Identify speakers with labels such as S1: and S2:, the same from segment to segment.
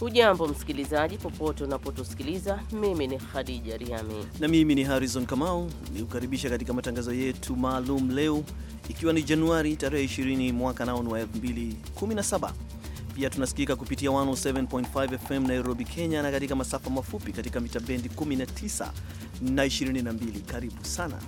S1: Hujambo msikilizaji, popote unapotusikiliza. Mimi ni Khadija Riami
S2: na mimi ni Harrison Kamau, ni kukaribisha katika matangazo yetu maalum leo, ikiwa ni Januari tarehe 20 mwaka nao ni wa 2017. Pia tunasikika kupitia 107.5 FM Nairobi, Kenya, na katika masafa mafupi katika mita bendi 19 na 22. Karibu sana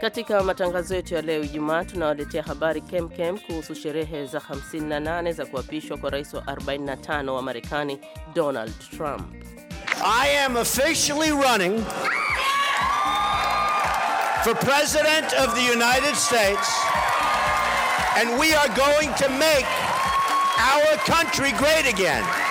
S1: Katika matangazo yetu ya leo Ijumaa, tunawaletea habari kemkem kuhusu sherehe za 58 za kuapishwa kwa rais wa 45 wa Marekani Donald Trump.
S3: I am officially running for president of the United States and we are going to make our country great again.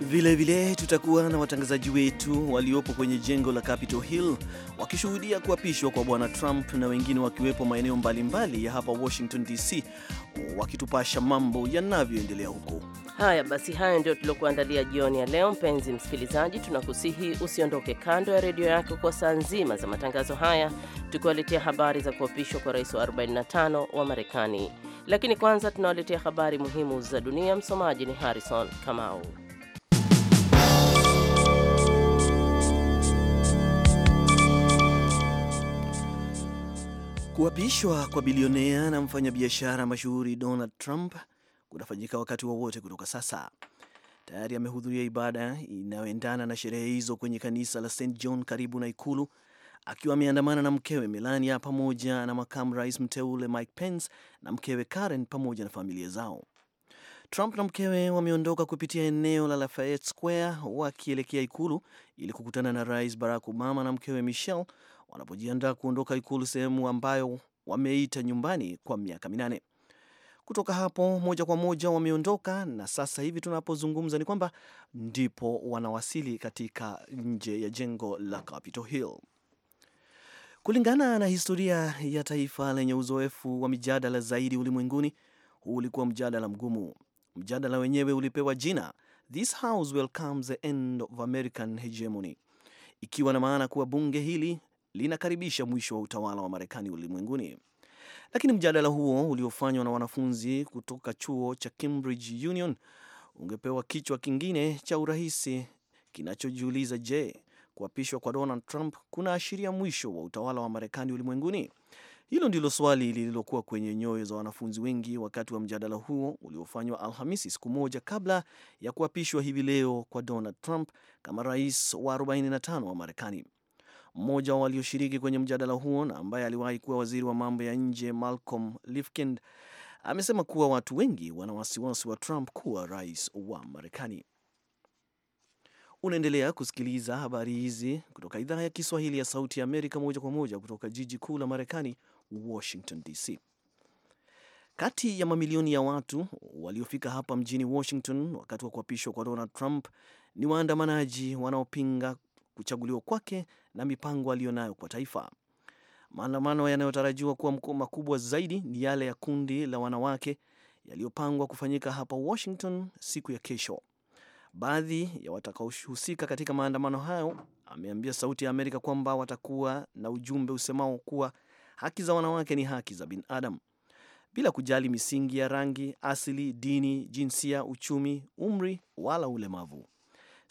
S2: Vilevile tutakuwa na watangazaji wetu waliopo kwenye jengo la Capitol Hill wakishuhudia kuapishwa kwa bwana Trump na wengine wakiwepo maeneo mbalimbali ya hapa Washington DC wakitupasha mambo yanavyoendelea huko.
S1: Haya basi, hayo ndio tuliokuandalia jioni ya leo. Mpenzi msikilizaji, tunakusihi usiondoke kando ya redio yako kwa saa nzima za matangazo haya, tukiwaletea habari za kuapishwa kwa rais wa 45 wa Marekani. Lakini kwanza tunawaletea habari muhimu za dunia. Msomaji ni Harrison
S2: Kamau. Kuapishwa kwa bilionea na mfanyabiashara mashuhuri Donald Trump kunafanyika wakati wowote wa kutoka sasa. Tayari amehudhuria ibada inayoendana na sherehe hizo kwenye kanisa la St John karibu na ikulu akiwa ameandamana na mkewe Melania pamoja na makamu rais mteule Mike Pence na mkewe Karen pamoja na familia zao. Trump na mkewe wameondoka kupitia eneo la Lafayette Square wakielekea ikulu ili kukutana na rais Barack Obama na mkewe Michelle wanapojiandaa kuondoka Ikulu, sehemu ambayo wameita nyumbani kwa miaka minane. Kutoka hapo moja kwa moja wameondoka, na sasa hivi tunapozungumza ni kwamba ndipo wanawasili katika nje ya jengo la Capitol Hill. Kulingana na historia ya taifa lenye uzoefu wa mijadala zaidi ulimwenguni, huu ulikuwa mjadala mgumu. Mjadala wenyewe ulipewa jina This House Welcomes the End of American Hegemony, ikiwa na maana kuwa bunge hili linakaribisha mwisho wa utawala wa Marekani ulimwenguni. Lakini mjadala huo uliofanywa na wanafunzi kutoka chuo cha Cambridge Union ungepewa kichwa kingine cha urahisi kinachojiuliza, je, kuapishwa kwa Donald Trump kunaashiria mwisho wa utawala wa Marekani ulimwenguni? Hilo ndilo swali lililokuwa kwenye nyoyo za wanafunzi wengi wakati wa mjadala huo uliofanywa Alhamisi, siku moja kabla ya kuapishwa hivi leo kwa Donald Trump kama rais wa 45 wa Marekani. Mmoja wa walioshiriki kwenye mjadala huo na ambaye aliwahi kuwa waziri wa mambo ya nje Malcolm Lifkind amesema kuwa watu wengi wana wasiwasi wa Trump kuwa rais wa Marekani. Unaendelea kusikiliza habari hizi kutoka idhaa ya Kiswahili ya Sauti ya Amerika, moja kwa moja kutoka jiji kuu la Marekani, Washington DC. Kati ya mamilioni ya watu waliofika hapa mjini Washington wakati wa kuapishwa kwa Donald Trump ni waandamanaji wanaopinga kuchaguliwa kwake na mipango aliyonayo kwa taifa. Maandamano yanayotarajiwa kuwa makubwa zaidi ni yale ya kundi la wanawake yaliyopangwa kufanyika hapa Washington siku ya kesho. Baadhi ya watakaohusika katika maandamano hayo ameambia Sauti ya Amerika kwamba watakuwa na ujumbe usemao kuwa haki za wanawake ni haki za binadamu bila kujali misingi ya rangi, asili, dini, jinsia, uchumi, umri wala ulemavu.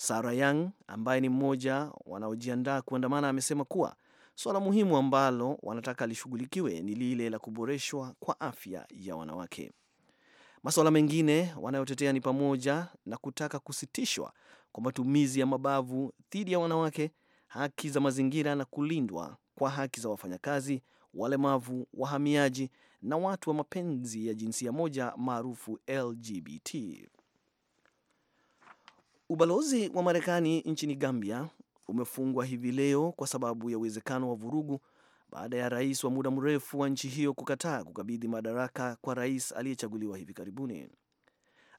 S2: Sara Young ambaye ni mmoja wanaojiandaa kuandamana amesema kuwa suala muhimu ambalo wanataka lishughulikiwe ni lile la kuboreshwa kwa afya ya wanawake. Masuala mengine wanayotetea ni pamoja na kutaka kusitishwa kwa matumizi ya mabavu dhidi ya wanawake, haki za mazingira na kulindwa kwa haki za wafanyakazi, walemavu, wahamiaji na watu wa mapenzi ya jinsia moja maarufu LGBT. Ubalozi wa Marekani nchini Gambia umefungwa hivi leo kwa sababu ya uwezekano wa vurugu baada ya rais wa muda mrefu wa nchi hiyo kukataa kukabidhi madaraka kwa rais aliyechaguliwa hivi karibuni.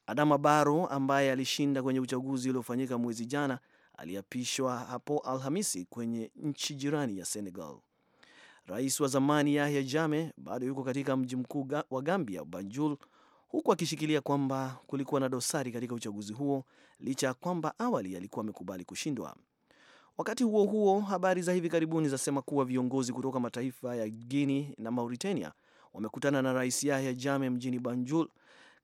S2: Adama Baro ambaye alishinda kwenye uchaguzi uliofanyika mwezi jana aliapishwa hapo Alhamisi kwenye nchi jirani ya Senegal. Rais wa zamani Yahya jame bado yuko katika mji mkuu wa Gambia, Banjul, huku akishikilia kwamba kulikuwa na dosari katika uchaguzi huo licha ya kwamba awali alikuwa amekubali kushindwa. Wakati huo huo, habari za hivi karibuni zasema kuwa viongozi kutoka mataifa ya guini na Mauritania wamekutana na Rais Yahya jame mjini Banjul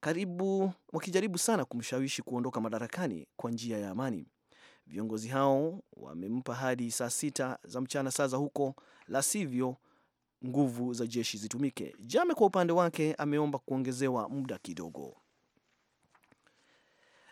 S2: karibu wakijaribu sana kumshawishi kuondoka madarakani kwa njia ya amani. Viongozi hao wamempa hadi saa sita za mchana saa za huko, la sivyo nguvu za jeshi zitumike. Jame kwa upande wake ameomba kuongezewa muda kidogo.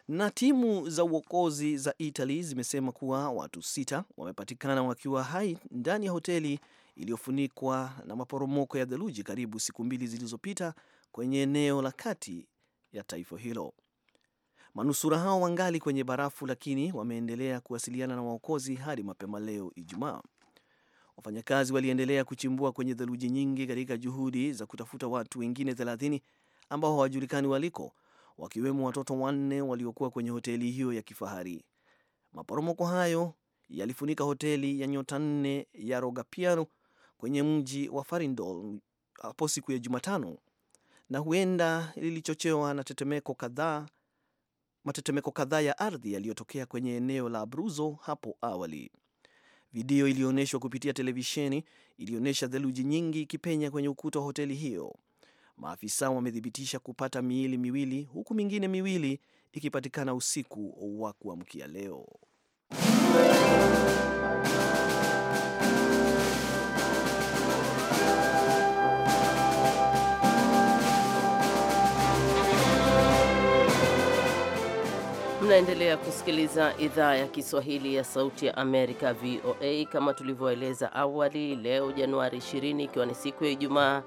S2: Na timu za uokozi za Italy zimesema kuwa watu sita wamepatikana wakiwa hai ndani ya hoteli iliyofunikwa na maporomoko ya theluji karibu siku mbili zilizopita kwenye eneo la kati ya taifa hilo. Manusura hao wangali kwenye barafu, lakini wameendelea kuwasiliana na waokozi hadi mapema leo Ijumaa. Wafanyakazi waliendelea kuchimbua kwenye theluji nyingi katika juhudi za kutafuta watu wengine 30 ambao hawajulikani waliko, wakiwemo watoto wanne waliokuwa kwenye hoteli hiyo ya kifahari. Maporomoko hayo yalifunika hoteli ya nyota nne ya Rogapiano kwenye mji wa Farindol hapo siku ya Jumatano, na huenda lilichochewa na tetemeko kadhaa matetemeko kadhaa ya ardhi yaliyotokea kwenye eneo la Abruzzo hapo awali. Video iliyoonyeshwa kupitia televisheni ilionyesha theluji nyingi ikipenya kwenye ukuta wa hoteli hiyo. Maafisa wamethibitisha kupata miili miwili huku mingine miwili ikipatikana usiku wa kuamkia leo.
S1: Mnaendelea kusikiliza idhaa ya Kiswahili ya Sauti ya Amerika, VOA. Kama tulivyoeleza awali, leo Januari 20 ikiwa ni siku ya Ijumaa,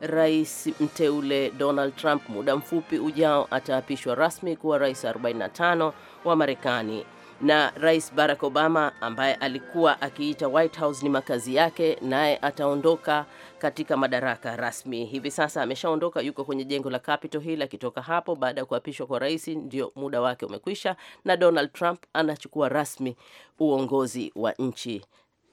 S1: Rais mteule Donald Trump muda mfupi ujao ataapishwa rasmi kuwa rais 45 wa Marekani na Rais Barack Obama ambaye alikuwa akiita White House ni makazi yake, naye ataondoka katika madaraka rasmi. Hivi sasa ameshaondoka, yuko kwenye jengo la Capitol Hill. Akitoka hapo baada ya kuapishwa kwa rais, ndio muda wake umekwisha, na Donald Trump anachukua rasmi uongozi wa nchi.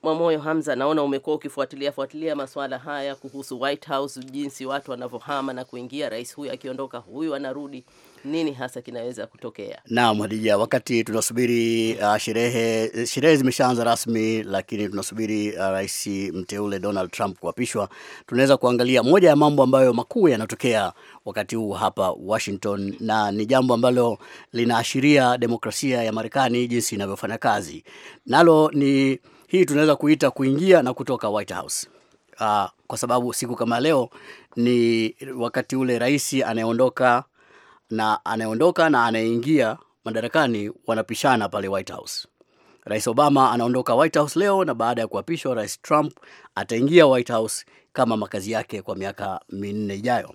S1: Mwamoyo Hamza, naona umekuwa ukifuatilia fuatilia masuala haya kuhusu White House, jinsi watu wanavyohama na kuingia, rais huyu akiondoka, huyu anarudi nini hasa kinaweza kutokea?
S4: Naam, Hadija, wakati tunasubiri uh, sherehe sherehe zimeshaanza rasmi, lakini tunasubiri uh, rais mteule Donald Trump kuapishwa, tunaweza kuangalia moja ya mambo ambayo makuu yanatokea wakati huu hapa Washington, na ni jambo ambalo linaashiria demokrasia ya Marekani jinsi inavyofanya kazi, nalo ni hii tunaweza kuita kuingia na kutoka White House. Uh, kwa sababu siku kama leo ni wakati ule rais anayeondoka na anayeondoka na anayeingia madarakani wanapishana pale White House. Rais Obama anaondoka White House leo na baada ya kuapishwa, Rais Trump ataingia White House kama makazi yake kwa miaka minne ijayo.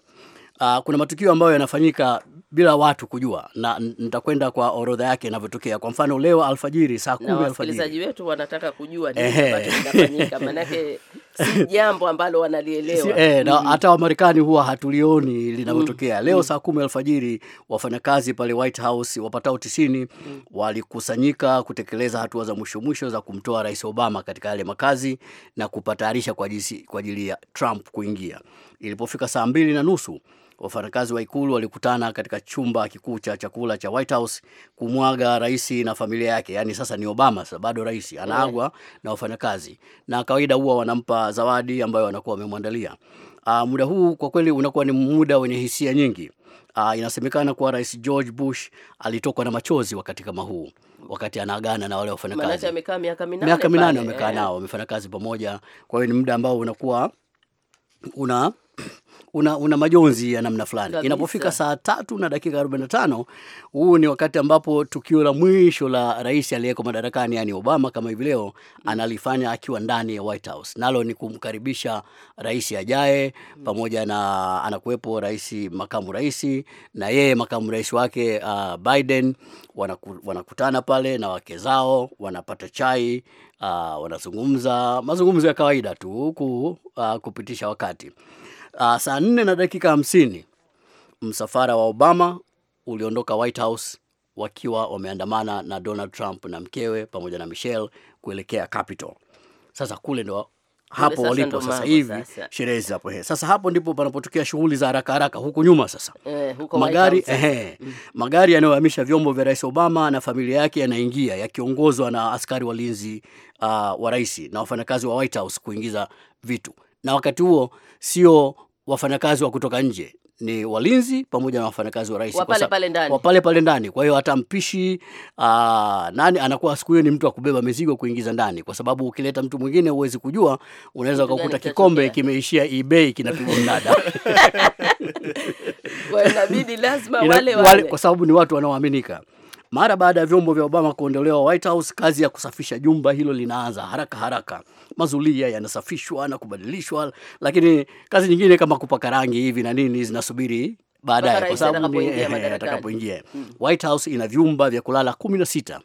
S4: Uh, kuna matukio ambayo yanafanyika bila watu kujua, na nitakwenda kwa orodha yake inavyotokea. Kwa mfano leo alfajiri, saa kumi alfajiri, wasikilizaji
S1: wetu wanataka kujua nini kinafanyika, manake si jambo ambalo wanalielewa si, eh, na
S4: hata Wamarekani huwa hatulioni linavyotokea. Leo saa kumi alfajiri, wafanyakazi pale White House wapatao tisini mm. walikusanyika kutekeleza hatua za mwisho mwisho za kumtoa Rais Obama katika yale makazi na kupatayarisha kwa ajili ya Trump kuingia. Ilipofika saa mbili na nusu Wafanyakazi wa ikulu walikutana katika chumba kikuu cha chakula cha White House kumwaga rais na familia yake. yaani sasa ni Obama, sasa bado rais anaagwa yeah, na wafanyakazi, na kawaida huwa wanampa zawadi ambayo wanakuwa wamemwandalia. Uh, Muda huu kwa kweli unakuwa ni muda wenye hisia nyingi. Uh, inasemekana kuwa rais George Bush alitokwa na machozi wakati kama huu wakati anaagana na wale wafanyakazi.
S1: miaka minane, miaka minane wamekaa eh. nao,
S4: wamefanya kazi pamoja. Kwa hiyo ni muda ambao unakuwa una una, una majonzi ya namna fulani. Inapofika saa tatu na dakika 45, huu ni wakati ambapo tukio la mwisho la rais aliyeko madarakani, yani Obama, kama hivi leo analifanya akiwa ndani ya White House, nalo ni kumkaribisha rais ajaye, pamoja na anakuwepo rais, makamu rais na yeye makamu rais wake uh, Biden wanaku, wanakutana pale na wake zao, wanapata chai uh, wanazungumza mazungumzo ya kawaida tu ku, uh, kupitisha wakati Uh, saa nne na dakika hamsini msafara wa Obama uliondoka White House wakiwa wameandamana na Donald Trump na mkewe pamoja na Michelle kuelekea Capitol. Sasa kule ndo hapo walipo sasa hivi sherehe zapo. Sasa hapo ndipo panapotokea shughuli za haraka haraka huku nyuma. Sasa eh, huko magari eh, mm, magari yanayohamisha vyombo vya Rais Obama na familia yake yanaingia yakiongozwa na askari walinzi uh, wa rais na wafanyakazi wa White House kuingiza vitu, na wakati huo sio wafanyakazi wa kutoka nje ni walinzi pamoja na wafanyakazi wa rais wa pale pale ndani, Kwa hiyo hata mpishi aa, ah, nani anakuwa siku hiyo ni mtu wa kubeba mizigo kuingiza ndani, kwa sababu ukileta mtu mwingine huwezi kujua, unaweza ukakuta kikombe kimeishia eBay kinapigwa mnada
S1: inabidi lazima wale wale, kwa sababu
S4: ni watu wanaoaminika. Mara baada ya vyombo vya Obama kuondolewa White House, kazi ya kusafisha jumba hilo linaanza haraka haraka. Mazulia yanasafishwa na kubadilishwa, lakini kazi nyingine kama kupaka rangi hivi na nini zinasubiri baadaye, kwa sababu atakapoingia hmm. White House ina vyumba vya kulala kumi na sita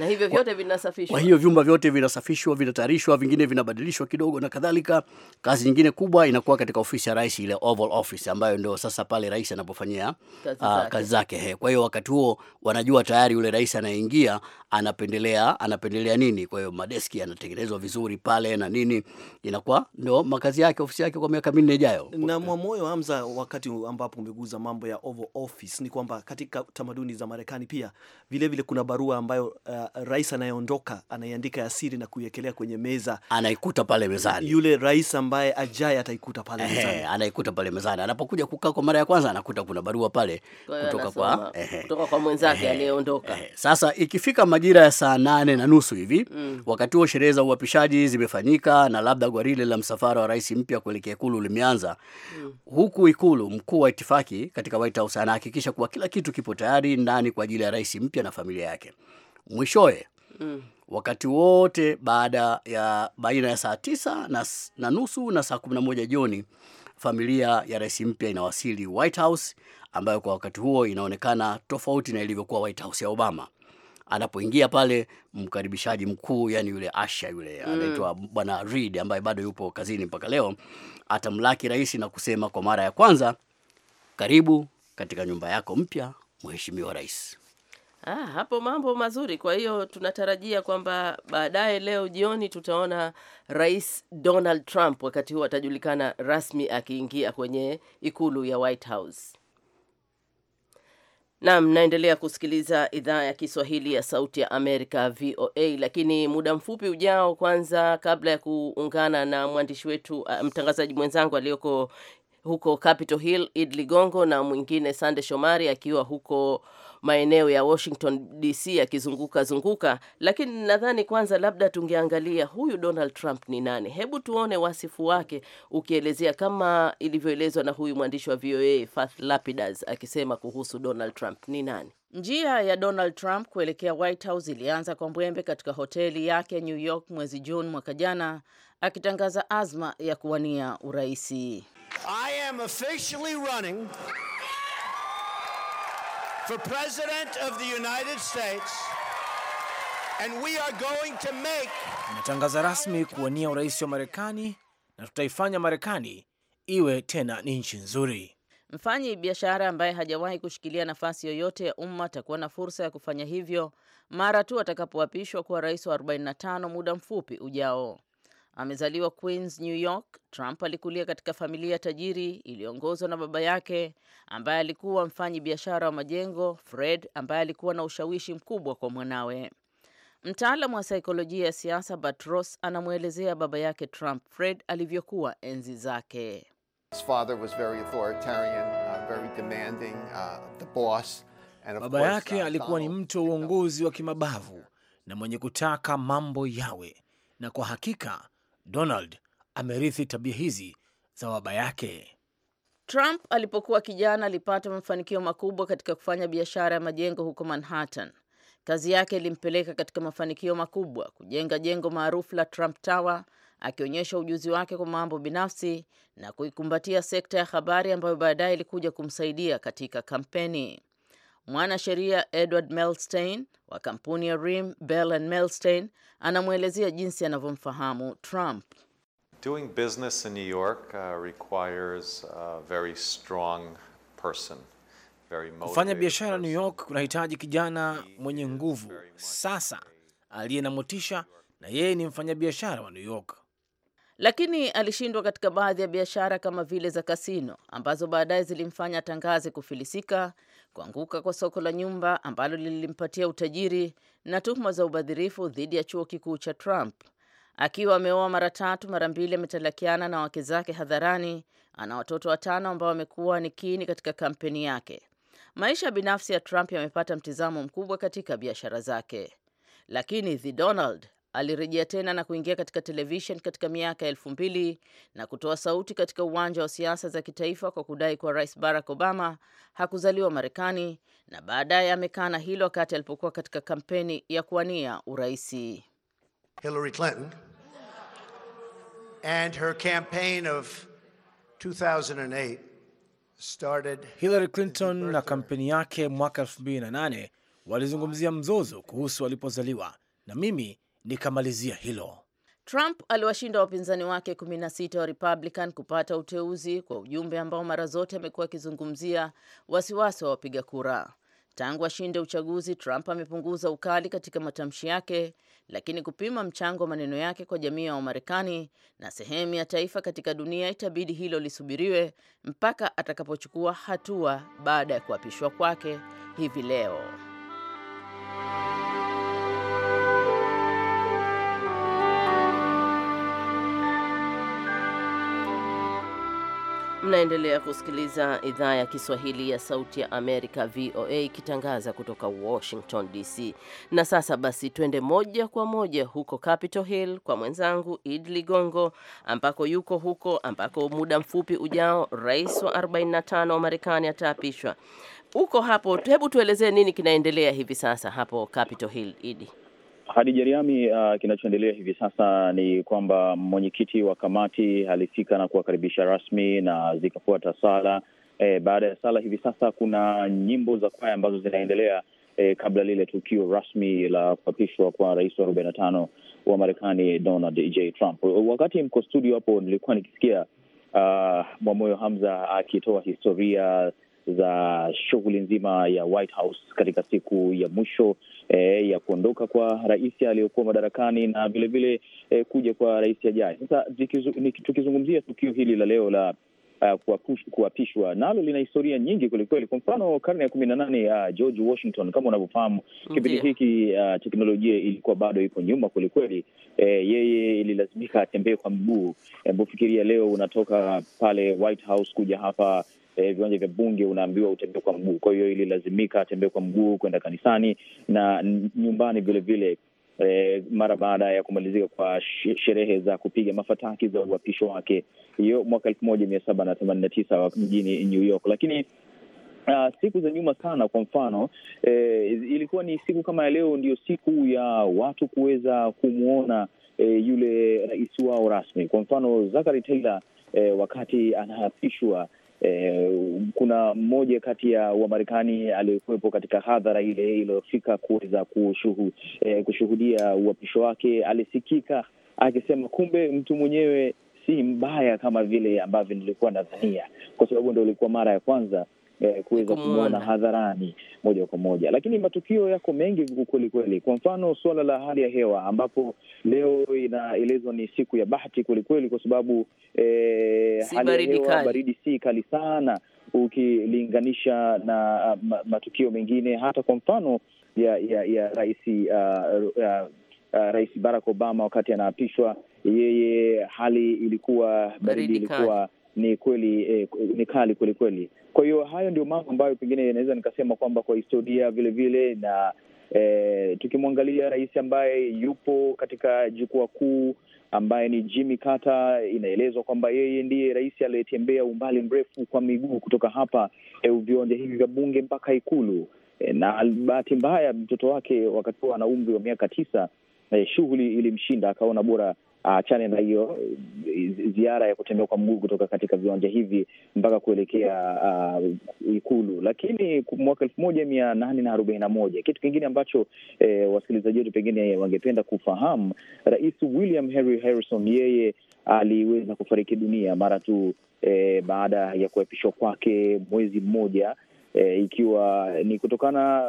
S1: na hivyo vyote vinasafishwa. Kwa hiyo
S4: vyumba vyote vinasafishwa, vinatayarishwa, vingine vinabadilishwa kidogo na kadhalika. Kazi nyingine kubwa inakuwa katika ofisi ya rais, ile Oval Office ambayo ndio sasa pale rais anapofanyia kazi ah, zake. Uh, Kwa hiyo wakati huo wanajua tayari yule rais anayeingia anapendelea anapendelea nini. Kwa hiyo madeski yanatengenezwa vizuri pale na nini, inakuwa ndio makazi yake, ofisi yake kwa miaka minne ijayo.
S2: Na Mwamoyo Hamza, wakati ambapo umeguza mambo ya Oval Office, ni kwamba katika tamaduni za Marekani pia vilevile vile kuna barua ambayo uh, rais anayeondoka anaiandika asiri na kuiekelea kwenye meza,
S4: anaikuta pale mezani.
S2: Yule rais ambaye ajaye ataikuta pale mezani,
S4: anaikuta pale mezani. Anapokuja kukaa kwa mara ya kwanza, anakuta kuna barua pale
S1: kutoka kwa, kutoka kwa mwenzake aliyeondoka.
S4: Sasa ikifika majira ya saa nane na nusu hivi mm, wakati huo sherehe za uapishaji zimefanyika na labda gwarile la msafara wa rais mpya kuelekea ikulu limeanza mm, huku ikulu mkuu wa itifaki katika White House anahakikisha kuwa kila kitu kipo tayari ndani kwa ajili ya rais mpya na familia yake mwishowe mm. wakati wote baada ya baina ya saa tisa na, na nusu na saa moja jioni familia ya rais mpya inawasili White House ambayo kwa wakati huo inaonekana tofauti na ilivyokuwa White House ya Obama. Anapoingia pale mkaribishaji mkuu, yani yule Asha yule mm. anaitwa bwana Reid ambaye bado yupo kazini mpaka leo, atamlaki rais na kusema kwa mara ya kwanza, karibu katika nyumba yako mpya, mheshimiwa rais.
S1: Ah, hapo mambo mazuri. Kwa hiyo tunatarajia kwamba baadaye leo jioni tutaona Rais Donald Trump, wakati huo atajulikana rasmi akiingia kwenye ikulu ya White House. Naam, naendelea kusikiliza idhaa ya Kiswahili ya Sauti ya Amerika VOA, lakini muda mfupi ujao, kwanza kabla ya kuungana na mwandishi wetu mtangazaji mwenzangu aliyoko huko Capitol Hill Id Ligongo na mwingine Sande Shomari akiwa huko maeneo ya Washington DC akizunguka zunguka, lakini nadhani kwanza labda tungeangalia huyu Donald Trump ni nani. Hebu tuone wasifu wake ukielezea kama ilivyoelezwa na huyu mwandishi wa VOA Fath Lapidus akisema kuhusu Donald Trump ni nani. Njia ya Donald Trump kuelekea White House ilianza kwa mbwembe katika hoteli yake New York mwezi Juni mwaka jana, akitangaza azma ya kuwania uraisi.
S3: I am officially running for President of the United States and we are going to make...
S5: Natangaza rasmi kuwania urais wa Marekani na tutaifanya Marekani iwe tena ni nchi nzuri.
S1: Mfanyi biashara ambaye hajawahi kushikilia nafasi yoyote ya umma atakuwa na fursa ya kufanya hivyo mara tu atakapoapishwa kuwa rais wa 45 muda mfupi ujao. Amezaliwa Queens, New York. Trump alikulia katika familia tajiri iliyoongozwa na baba yake ambaye alikuwa mfanyi biashara wa majengo, Fred, ambaye alikuwa na ushawishi mkubwa kwa mwanawe. Mtaalamu wa saikolojia ya siasa Bart Ross anamwelezea baba yake Trump Fred alivyokuwa enzi zake.
S3: Baba yake alikuwa
S5: ni mtu wa uongozi wa kimabavu na mwenye kutaka mambo yawe, na kwa hakika Donald amerithi tabia hizi za baba yake.
S1: Trump alipokuwa kijana alipata mafanikio makubwa katika kufanya biashara ya majengo huko Manhattan. Kazi yake ilimpeleka katika mafanikio makubwa, kujenga jengo maarufu la Trump Tower, akionyesha ujuzi wake kwa mambo binafsi na kuikumbatia sekta ya habari ambayo baadaye ilikuja kumsaidia katika kampeni. Mwanasheria Edward Melstein wa kampuni ya Rim Bell and Melstein anamwelezea jinsi anavyomfahamu Trump.
S6: Doing business in New York uh, requires a very strong person. Kufanya biashara
S5: New York kunahitaji kijana
S1: mwenye nguvu, sasa aliye na motisha, na yeye ni mfanyabiashara wa New York. Lakini alishindwa katika baadhi ya biashara kama vile za kasino ambazo baadaye zilimfanya tangaze kufilisika kuanguka kwa soko la nyumba ambalo lilimpatia utajiri na tuhuma za ubadhirifu dhidi ya chuo kikuu cha Trump. Akiwa ameoa mara tatu, mara mbili ametalakiana na wake zake hadharani. Ana watoto watano ambao wamekuwa ni kiini katika kampeni yake. Maisha binafsi ya Trump yamepata mtizamo mkubwa katika biashara zake, lakini The Donald Alirejea tena na kuingia katika televishen katika miaka ya elfu mbili na kutoa sauti katika uwanja wa siasa za kitaifa kwa kudai kuwa Rais Barack Obama hakuzaliwa Marekani, na baadaye amekana hilo wakati alipokuwa
S3: katika kampeni ya kuwania
S1: uraisi.
S3: Hillary Clinton and her campaign of 2008
S5: Hillary Clinton na kampeni yake mwaka 2008 walizungumzia mzozo kuhusu alipozaliwa, na mimi nikamalizia hilo.
S1: Trump aliwashinda wapinzani wake 16 wa Republican kupata uteuzi kwa ujumbe ambao mara zote amekuwa akizungumzia wasiwasi wa wapiga kura. Tangu ashinde uchaguzi, Trump amepunguza ukali katika matamshi yake, lakini kupima mchango wa maneno yake kwa jamii ya Wamarekani na sehemu ya taifa katika dunia, itabidi hilo lisubiriwe mpaka atakapochukua hatua baada ya kuapishwa kwake hivi leo. Mnaendelea kusikiliza idhaa ya Kiswahili ya Sauti ya Amerika, VOA, ikitangaza kutoka Washington DC. Na sasa basi, twende moja kwa moja huko Capitol Hill kwa mwenzangu Id Ligongo, ambako yuko huko, ambako muda mfupi ujao rais wa 45 wa Marekani ataapishwa. Huko hapo, hebu tuelezee nini kinaendelea hivi sasa hapo Capitol Hill, Idi.
S7: Hadija Riami, uh, kinachoendelea hivi sasa ni kwamba mwenyekiti wa kamati alifika na kuwakaribisha rasmi na zikafuata sala. E, baada ya sala hivi sasa kuna nyimbo za kwaya ambazo zinaendelea e, kabla lile tukio rasmi la kuapishwa kwa rais wa arobaini na tano wa Marekani Donald J. Trump. Wakati mko studio hapo nilikuwa nikisikia uh, Mwamoyo Hamza akitoa historia za shughuli nzima ya White House katika siku ya mwisho eh, ya kuondoka kwa rais aliyokuwa madarakani na vilevile eh, kuja kwa rais ajaye. Sasa tukizungumzia tukio hili la leo la Uh, kuapishwa nalo lina historia nyingi kwelikweli. Kwa mfano karne ya kumi na nane uh, George Washington kama unavyofahamu, kipindi hiki uh, teknolojia ilikuwa bado ipo nyuma kwelikweli. Eh, yeye ililazimika atembee kwa mguu. Hebu fikiria leo unatoka pale White House kuja hapa e, viwanja vya bunge unaambiwa utembee kwa mguu. Kwa hiyo ililazimika atembee kwa mguu kwenda kanisani na nyumbani vilevile E, mara baada ya kumalizika kwa sherehe za kupiga mafataki za uhapisho wake hiyo mwaka elfu moja mia saba na themanini na tisa mjini New York. Lakini uh, siku za nyuma sana, kwa mfano e, ilikuwa ni siku kama ya leo ndio siku ya watu kuweza kumwona e, yule rais wao rasmi. Kwa mfano Zachary Taylor e, wakati anaapishwa E, kuna mmoja kati ya Wamarekani aliyekuwepo katika hadhara ile iliyofika kuweza kushuhu, e, kushuhudia uhapisho wake alisikika akisema kumbe mtu mwenyewe si mbaya kama vile ambavyo nilikuwa nadhania, kwa sababu ndo ilikuwa mara ya kwanza eh, kuweza kumwona hadharani moja kwa moja, lakini matukio yako mengi kweli kweli. Kwa mfano suala la hali ya hewa ambapo leo inaelezwa ni siku ya bahati kweli kweli, kwa sababu eh, si hali ya hewa baridi si kali sana ukilinganisha na ah, ma, matukio mengine hata kwa mfano ya ya, ya rais uh, uh, Uh, Rais Barack Obama wakati anaapishwa, yeye hali ilikuwa baridi, ilikuwa ni kweli eh, ni kali kweli kweli. Kwa hiyo hayo ndio mambo ambayo pengine naweza nikasema kwamba kwa historia vilevile vile, na eh, tukimwangalia rais ambaye yupo katika jukwaa kuu ambaye ni Jimmy Carter, inaelezwa kwamba yeye ndiye rais aliyetembea umbali mrefu kwa miguu kutoka hapa eh, viwanja hivi vya bunge mpaka ikulu eh, na bahati mbaya mtoto wake wakati huo ana umri wa miaka tisa eh, shughuli ilimshinda akaona bora uh, na hiyo ziara ya kutembea kwa mguu kutoka katika viwanja hivi mpaka kuelekea uh, Ikulu. Lakini mwaka elfu moja mia nane na arobaini na moja kitu kingine ambacho eh, wasikilizaji wetu pengine wangependa kufahamu, Rais William Henry Harrison yeye aliweza kufariki dunia mara tu eh, baada ya kuapishwa kwake mwezi mmoja e, ikiwa ni kutokana,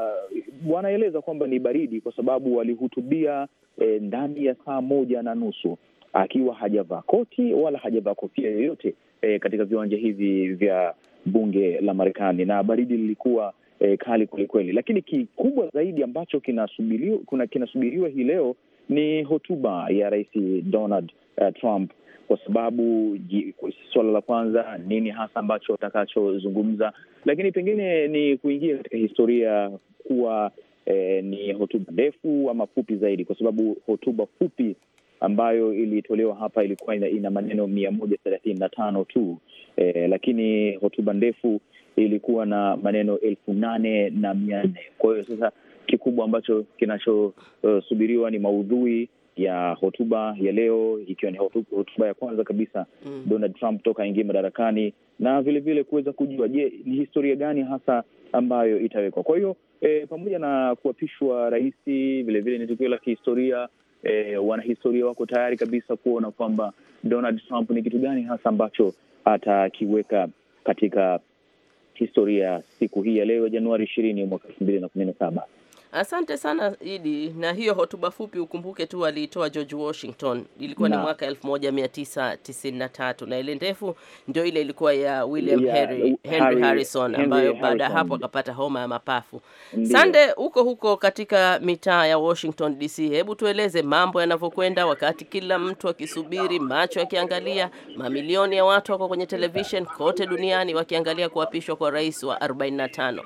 S7: wanaeleza kwamba ni baridi kwa sababu walihutubia e, ndani ya saa moja na nusu akiwa hajavaa koti wala hajavaa kofia yoyote e, katika viwanja hivi vya bunge la Marekani na baridi lilikuwa e, kali kwelikweli, lakini kikubwa zaidi ambacho kinasubiriwa, kinasubiriwa hii leo ni hotuba ya Rais Donald uh, Trump kwa sababu suala la kwanza, nini hasa ambacho utakachozungumza lakini pengine ni kuingia katika historia kuwa eh, ni hotuba ndefu ama fupi zaidi, kwa sababu hotuba fupi ambayo ilitolewa hapa ilikuwa ina maneno mia moja thelathini na tano tu eh, lakini hotuba ndefu ilikuwa na maneno elfu nane na mia nne. Kwa hiyo sasa kikubwa ambacho kinachosubiriwa uh, ni maudhui ya hotuba ya leo, ikiwa ni hotuba ya kwanza kabisa mm, Donald Trump toka aingie madarakani, na vilevile kuweza kujua, je, ni historia gani hasa ambayo itawekwa. Kwa hiyo e, pamoja na kuapishwa rais, vilevile ni tukio la kihistoria. E, wanahistoria wako tayari kabisa kuona kwamba Donald Trump ni kitu gani hasa ambacho atakiweka katika historia siku hii ya leo Januari ishirini mwaka elfu mbili na kumi na saba.
S1: Asante sana Idi, na hiyo hotuba fupi ukumbuke tu aliitoa George Washington, ilikuwa na ni mwaka 1993 na ile ndefu ndio ile ilikuwa ya William yeah, Henry, Henry, Harry, Harrison ambayo baada ya hapo akapata homa ya mapafu. Sande, huko huko katika mitaa ya Washington DC, hebu tueleze mambo yanavyokwenda, wakati kila mtu akisubiri, macho yakiangalia, mamilioni ya watu wako kwenye television kote duniani wakiangalia kuapishwa kwa rais wa 45.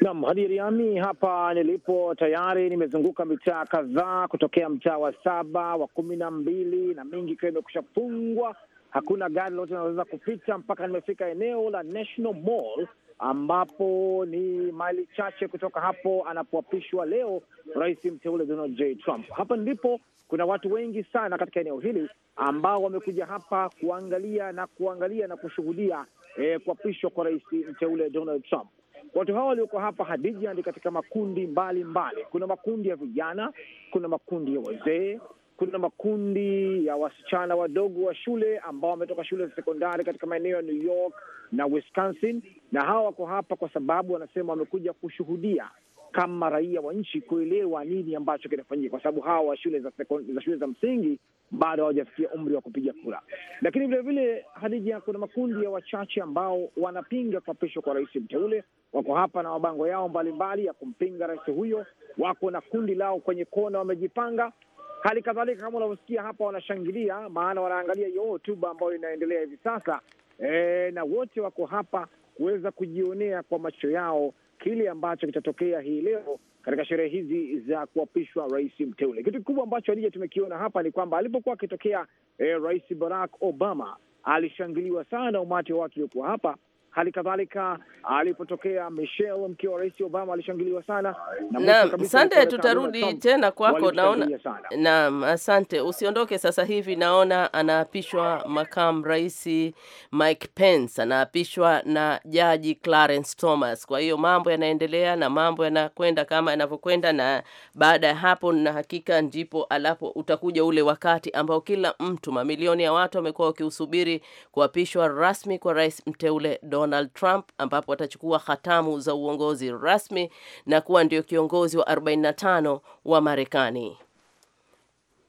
S5: Naam, hadiriami hapa nilipo tayari nimezunguka mitaa kadhaa kutokea mtaa wa saba wa kumi na mbili na mingi ikiwa imekusha fungwa, hakuna gari lolote linaloweza kupita mpaka nimefika eneo la National Mall ambapo ni maili chache kutoka hapo anapoapishwa leo rais mteule Donald J. Trump. Hapa ndipo kuna watu wengi sana katika eneo hili ambao wamekuja hapa kuangalia na kuangalia na kushuhudia eh, kuapishwa kwa rais mteule Donald Trump. Watu hawa walioko hapa Hadija ni katika makundi mbalimbali mbali. Kuna makundi ya vijana, kuna makundi ya wazee, kuna makundi ya wasichana wadogo wa shule ambao wametoka shule za sekondari katika maeneo ya New York na Wisconsin, na hawa wako hapa kwa sababu wanasema wamekuja kushuhudia kama raia wa nchi kuelewa nini ambacho kinafanyika, kwa sababu hawa wa shule za za shule za msingi bado hawajafikia umri wa kupiga kura. Lakini vilevile, Hadija, kuna makundi ya wachache ambao wanapinga kuapishwa kwa rais mteule, wako hapa na mabango yao mbalimbali ya kumpinga rais huyo, wako na kundi lao kwenye kona, wamejipanga. Hali kadhalika kama unavyosikia hapa, wanashangilia, maana wanaangalia hiyo hotuba ambayo inaendelea hivi sasa e, na wote wako hapa kuweza kujionea kwa macho yao kile ambacho kitatokea hii leo katika sherehe hizi za kuapishwa rais mteule. Kitu kikubwa ambacho Hadija tumekiona hapa ni kwamba alipokuwa akitokea eh, Rais Barack Obama alishangiliwa sana umati wa watu uliokuwa hapa, Hali kadhalika alipotokea Michelle, mke wa rais Obama, alishangiliwa sana na asante. Tutarudi tena kwako, naona
S1: naam. Asante, usiondoke sasa hivi. Naona anaapishwa makamu rais Mike Pence, anaapishwa na jaji Clarence Thomas. Kwa hiyo mambo yanaendelea na mambo yanakwenda kama yanavyokwenda, na baada ya hapo na hakika ndipo alapo utakuja ule wakati ambao kila mtu, mamilioni ya watu wamekuwa wakiusubiri kuapishwa rasmi kwa rais mteule Donald Donald Trump ambapo atachukua hatamu za uongozi rasmi na kuwa ndio kiongozi wa 45 wa Marekani.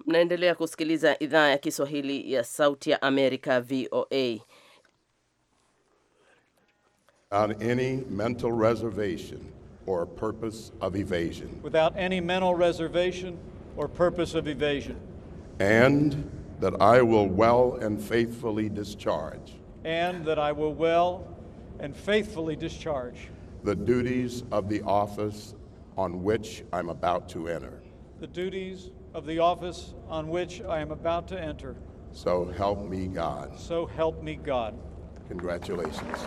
S1: Mnaendelea kusikiliza idhaa ya Kiswahili ya Sauti ya Amerika, VOA.
S6: On any mental reservation or purpose of evasion.
S3: Without any mental reservation or purpose of evasion.
S6: And that I will well and faithfully discharge.
S3: And that I will well and faithfully discharge
S6: the duties of the office on which I'm about to enter.
S3: the duties of the office on which I am about to enter. So help me God. So help me God. Congratulations.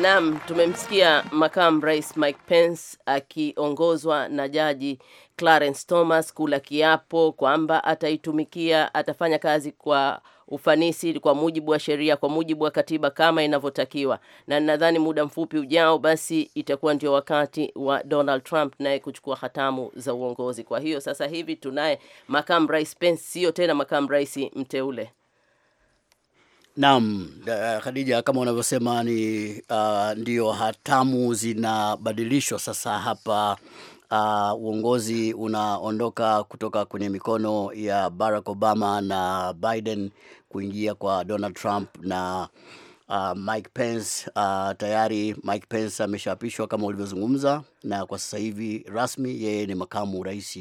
S1: Naam, tumemsikia makamu rais Mike Pence akiongozwa na jaji Clarence Thomas kula kiapo kwamba ataitumikia, atafanya kazi kwa ufanisi kwa mujibu wa sheria, kwa mujibu wa katiba kama inavyotakiwa, na nadhani muda mfupi ujao, basi itakuwa ndio wakati wa Donald Trump naye kuchukua hatamu za uongozi. Kwa hiyo sasa hivi tunaye makamu rais Pence, sio tena makamu rais mteule.
S4: Naam, eh, Khadija, kama unavyosema ni uh, ndio hatamu zinabadilishwa sasa hapa uh, uongozi unaondoka kutoka kwenye mikono ya Barack Obama na Biden kuingia kwa Donald Trump na Uh, Mike Pence uh, tayari Mike Pence ameshaapishwa kama ulivyozungumza, na kwa sasa hivi rasmi yeye ni makamu rais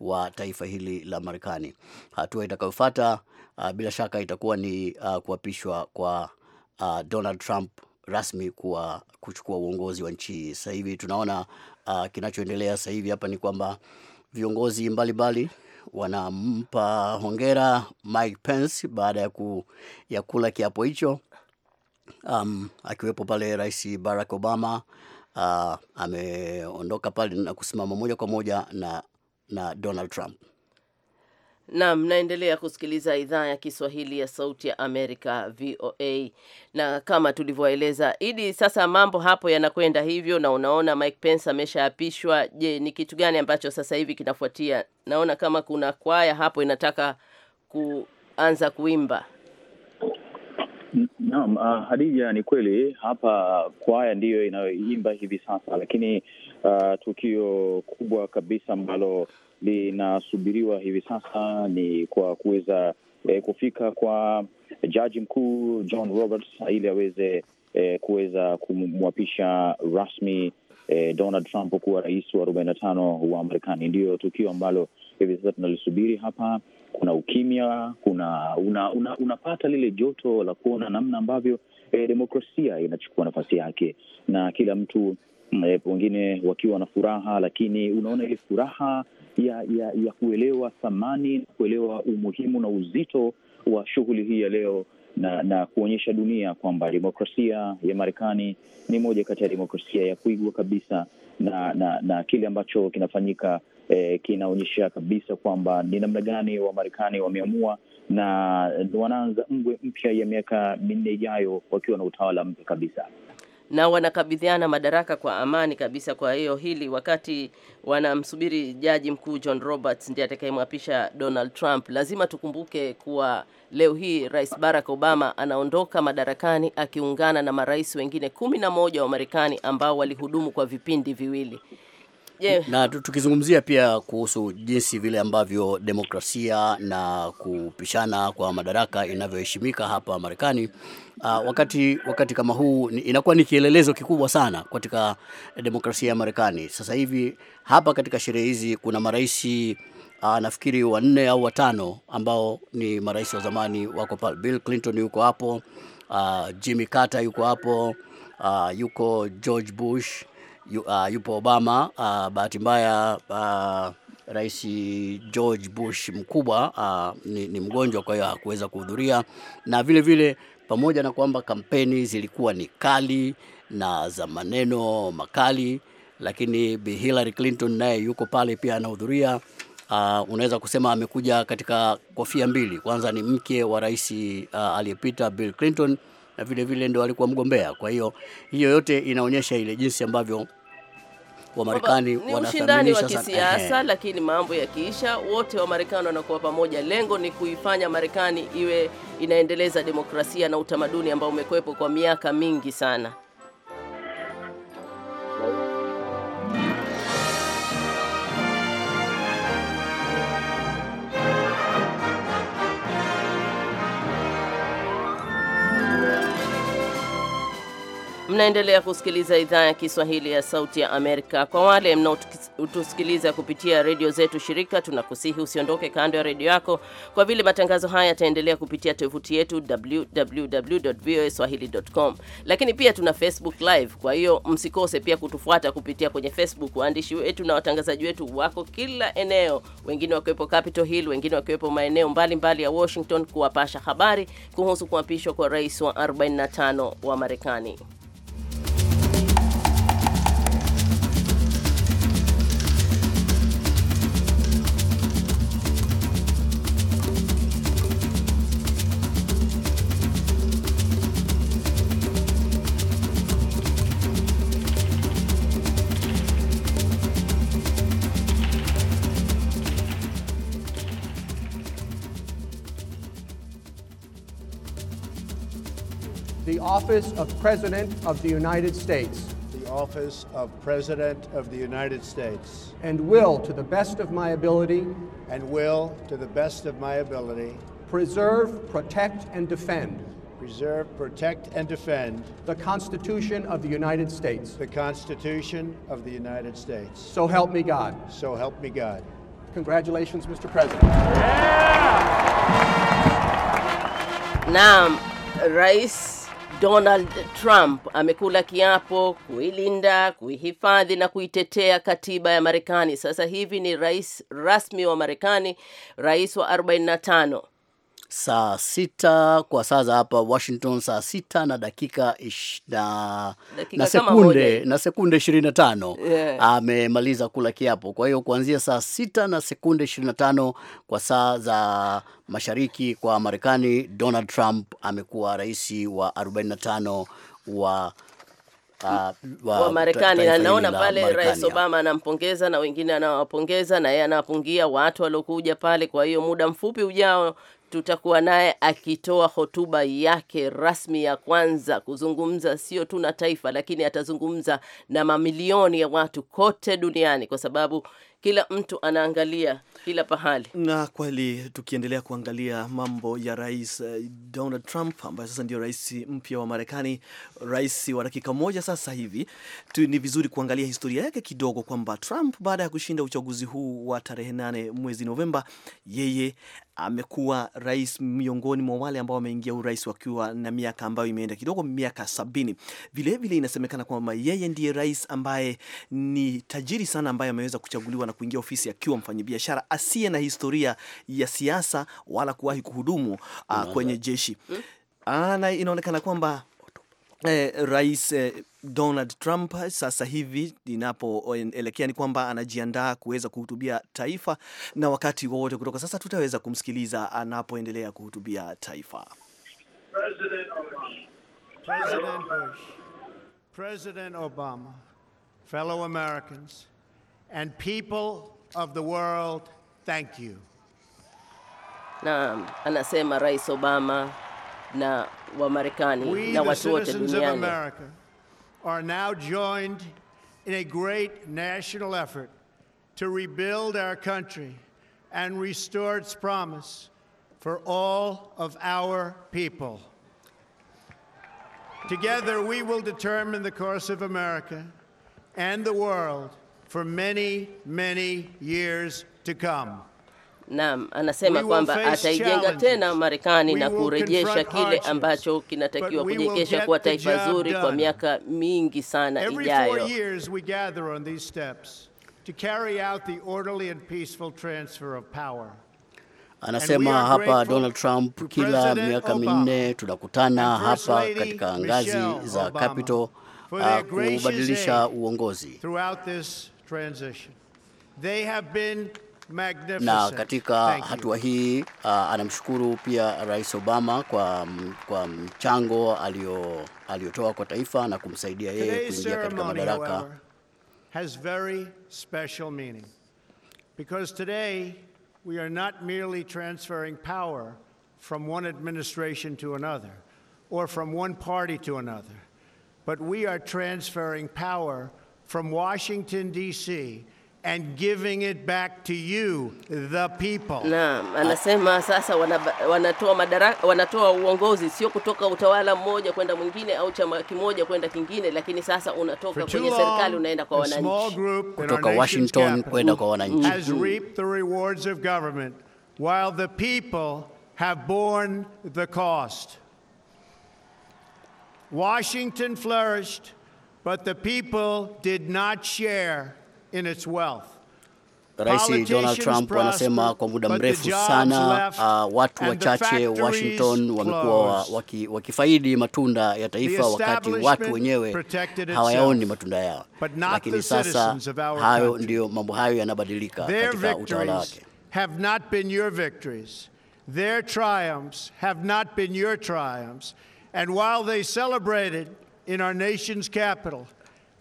S4: wa taifa hili la Marekani. Hatua itakayofuata uh, bila shaka itakuwa ni uh, kuapishwa kwa uh, Donald Trump rasmi kuwa kuchukua uongozi wa nchi. Sasa hivi tunaona uh, kinachoendelea sasa hivi hapa ni kwamba viongozi mbalimbali wanampa hongera Mike Pence baada ya, ku, ya kula kiapo hicho, um, akiwepo pale Rais Barack Obama uh, ameondoka pale na kusimama moja kwa moja na, na Donald Trump.
S1: Na mnaendelea kusikiliza idhaa ya Kiswahili ya Sauti ya Amerika, VOA. Na kama tulivyoeleza Idi, sasa mambo hapo yanakwenda hivyo, na unaona Mike Pence ameshaapishwa. Je, ni kitu gani ambacho sasa hivi kinafuatia? Naona kama kuna kwaya hapo inataka kuanza kuimba.
S7: Naam, uh, Hadija, ni kweli hapa kwaya ndiyo inayoimba hivi sasa, lakini uh, tukio kubwa kabisa ambalo linasubiriwa hivi sasa ni kwa kuweza eh, kufika kwa jaji mkuu John Roberts ili aweze eh, kuweza kumwapisha rasmi eh, Donald Trump kuwa rais wa arobaini na tano wa Marekani. Ndiyo tukio ambalo hivi sasa tunalisubiri hapa kuna ukimya, kuna unapata una, una lile joto la kuona namna ambavyo e, demokrasia inachukua nafasi yake na kila mtu eh, wengine wakiwa na furaha, lakini unaona ile furaha ya, ya, ya kuelewa thamani na kuelewa umuhimu na uzito wa shughuli hii ya leo na, na kuonyesha dunia kwamba demokrasia ya Marekani ni moja kati ya demokrasia ya kuigwa kabisa na, na, na kile ambacho kinafanyika eh, kinaonyesha kabisa kwamba ni namna gani Wamarekani wameamua na wanaanza ngwe mpya ya miaka minne ijayo wakiwa na utawala mpya kabisa
S1: na wanakabidhiana madaraka kwa amani kabisa. Kwa hiyo hili wakati wanamsubiri jaji mkuu John Roberts ndiye atakayemwapisha Donald Trump, lazima tukumbuke kuwa leo hii Rais Barack Obama anaondoka madarakani akiungana na marais wengine kumi na moja wa Marekani ambao walihudumu kwa vipindi viwili yeah.
S4: Na tukizungumzia pia kuhusu jinsi vile ambavyo demokrasia na kupishana kwa madaraka inavyoheshimika hapa Marekani, uh, wakati wakati kama huu inakuwa ni kielelezo kikubwa sana katika demokrasia ya Marekani. Sasa hivi hapa katika sherehe hizi kuna maraisi Uh, nafikiri wanne au watano ambao ni marais wa zamani wako pale. Bill Clinton yuko hapo, uh, Jimmy Carter yuko hapo, uh, yuko George Bush yu, uh, yupo Obama uh, bahati mbaya uh, Rais George Bush mkubwa uh, ni, ni mgonjwa, kwa hiyo hakuweza kuhudhuria, na vile vile pamoja na kwamba kampeni zilikuwa ni kali na za maneno makali, lakini Bi Hillary Clinton naye yuko pale pia anahudhuria. Uh, unaweza kusema amekuja katika kofia mbili. Kwanza ni mke wa rais uh, aliyepita Bill Clinton, na vile vile ndo alikuwa mgombea. Kwa hiyo hiyo yote inaonyesha ile jinsi ambavyo wa Marekani ushindani wa kisiasa,
S1: lakini mambo yakiisha, wote wa marekani wanakuwa pamoja. Lengo ni kuifanya Marekani iwe inaendeleza demokrasia na utamaduni ambao umekwepo kwa miaka mingi sana. Mnaendelea kusikiliza idhaa ya Kiswahili ya Sauti ya Amerika. Kwa wale mnaotusikiliza kupitia redio zetu shirika, tunakusihi usiondoke kando ya redio yako, kwa vile matangazo haya yataendelea kupitia tovuti yetu www voa swahilicom lakini pia tuna Facebook Live. Kwa hiyo msikose pia kutufuata kupitia kwenye Facebook. Waandishi wetu na watangazaji wetu wako kila eneo, wengine wakiwepo Capitol Hill, wengine wakiwepo maeneo mbalimbali mbali ya Washington, kuwapasha habari kuhusu kuapishwa kwa rais wa 45 wa Marekani.
S3: office of President of the United States. The office of President of the United States. And will, to the best of my ability. And will, to the best of my ability. Preserve, protect, and defend. Preserve, protect, and defend. The Constitution of the United States. The Constitution of the United States. So help me God. So help me God. Congratulations, Mr. President. Yeah!
S1: Naam, Rais Donald Trump amekula kiapo kuilinda, kuihifadhi na kuitetea katiba ya Marekani. Sasa hivi ni rais rasmi wa Marekani, rais wa 45
S4: saa sita kwa saa za hapa Washington, saa sita na dakika ish, na,
S1: dakika na sekunde
S4: na sekunde 25 yeah. Amemaliza kula kiapo, kwa hiyo kuanzia saa sita na sekunde 25 kwa saa za mashariki kwa Marekani, Donald Trump amekuwa rais wa 45 wa Uh, wa, wa Marekani na naona pale Rais Obama
S1: anampongeza na wengine anawapongeza na yeye anawapungia watu waliokuja pale. Kwa hiyo muda mfupi ujao tutakuwa naye akitoa hotuba yake rasmi ya kwanza kuzungumza sio tu na taifa, lakini atazungumza na mamilioni ya watu kote duniani kwa sababu kila mtu anaangalia
S2: kila pahali. Na kweli tukiendelea kuangalia mambo ya rais eh, Donald Trump ambaye sasa ndio rais mpya wa Marekani, rais wa dakika moja sasa hivi tu, ni vizuri kuangalia historia yake kidogo, kwamba Trump baada ya kushinda uchaguzi huu wa tarehe nane mwezi Novemba, yeye amekuwa rais miongoni mwa wale ambao wameingia urais wakiwa na miaka ambayo imeenda kidogo, miaka sabini. Vilevile inasemekana kwamba yeye ndiye rais ambaye ni tajiri sana, ambaye ameweza kuchaguliwa na kuingia ofisi akiwa mfanyabiashara asiye na historia ya siasa wala kuwahi kuhudumu uh, kwenye jeshi hmm? ana ah, inaonekana kwamba Eh, rais eh, Donald Trump sasa hivi inapoelekea ni kwamba anajiandaa kuweza kuhutubia taifa, na wakati wowote kutoka sasa tutaweza kumsikiliza anapoendelea kuhutubia taifa.
S6: President
S3: Obama. President Bush, President Obama, fellow Americans and people of the world, thank you.
S1: Na anasema Rais Obama na Wamarekani na watu wote duniani.
S3: are now joined in a great national effort to rebuild our country and restore its promise for all of our people. Together, we will determine the course of America and the world for many, many years to come.
S1: Naam, anasema kwamba ataijenga tena Marekani na kurejesha kile ambacho kinatakiwa kujengesha kuwa taifa zuri kwa miaka mingi sana ijayo.
S4: Anasema hapa Donald Trump, kila miaka minne tunakutana hapa katika ngazi za Capitol
S3: ah, kubadilisha uongozi. They have been na
S4: katika hatua hii uh, anamshukuru pia Rais Obama kwa, kwa mchango alio aliotoa kwa taifa na kumsaidia yeye kuingia katika madaraka.
S3: Has very special meaning because today we are not merely transferring power from one administration to another or from one party to another but we are transferring power from Washington DC and giving it back to you, the people.
S1: Naam, anasema sasa wanatoa madaraka, wanatoa uongozi sio kutoka utawala mmoja kwenda mwingine au chama kimoja kwenda kingine, lakini sasa unatoka kwenye serikali unaenda kwa wananchi.
S3: Kutoka Washington kwenda kwa wananchi. Has reaped the rewards of government while the people have borne the cost. Washington flourished, but the people did not share in its wealth. Rais Donald Trump anasema kwa muda mrefu sana uh, watu wachache Washington wamekuwa
S4: waki, wakifaidi matunda ya taifa wakati watu wenyewe hawayaoni matunda yao,
S3: lakini sasa hayo
S4: ndiyo mambo hayo yanabadilika katika utawala wake.
S3: Have not been your victories. Their triumphs have not been your triumphs. And while they celebrated in our nation's capital,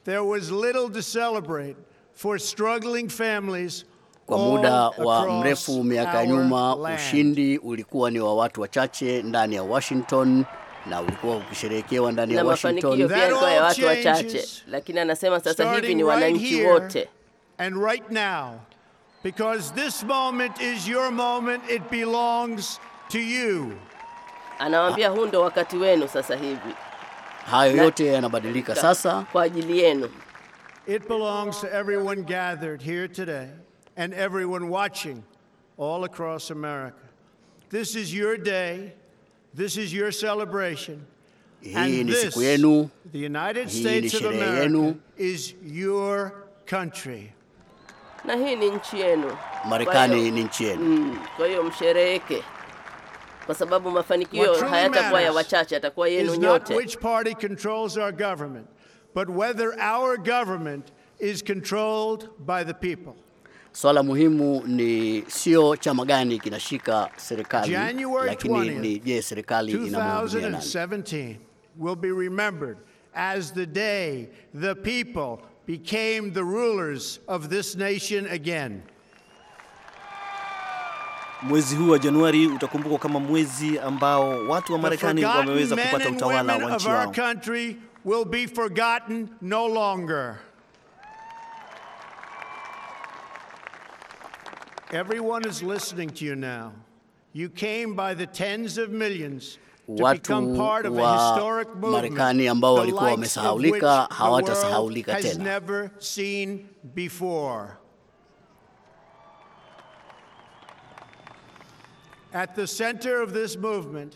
S3: there was little to celebrate for struggling families. Kwa muda wa mrefu miaka nyuma,
S4: ushindi ulikuwa ni wa watu wachache ndani ya Washington na ulikuwa ukisherehekewa ndani ya Washington, kwa ya watu wachache,
S3: lakini anasema sasa hivi ni wananchi wote. And right now because this moment is your moment, it belongs to you. Anawaambia huu ndo wakati wenu sasa hivi.
S4: Hayo yote yanabadilika sasa
S1: kwa ajili yenu.
S3: It belongs to everyone gathered here today and everyone watching all across America. This is your day. This is your celebration. And this, the United States of America, is your country.
S1: Na hii ni nchi yenu. Marekani
S3: ni nchi yenu. Mm,
S1: kwa hiyo mshereheke. Kwa sababu mafanikio hayatakuwa ya wachache, yatakuwa
S4: yenu nyote. Which
S3: party controls our government. but whether our government is controlled by the people.
S4: Swala muhimu ni sio chama gani kinashika serikali, lakini ni je, serikali inamhudumia nani?
S3: 2017 will be remembered as the day the people became the rulers of this nation again.
S2: Mwezi huu wa Januari utakumbukwa kama mwezi ambao watu wa Marekani wameweza kupata utawala wa nchi yao.
S3: will be forgotten no longer. Everyone is listening to you now. You came by the tens of millions to watu wa Marekani ambao has wamesahaulika seen tena. At the center of this movement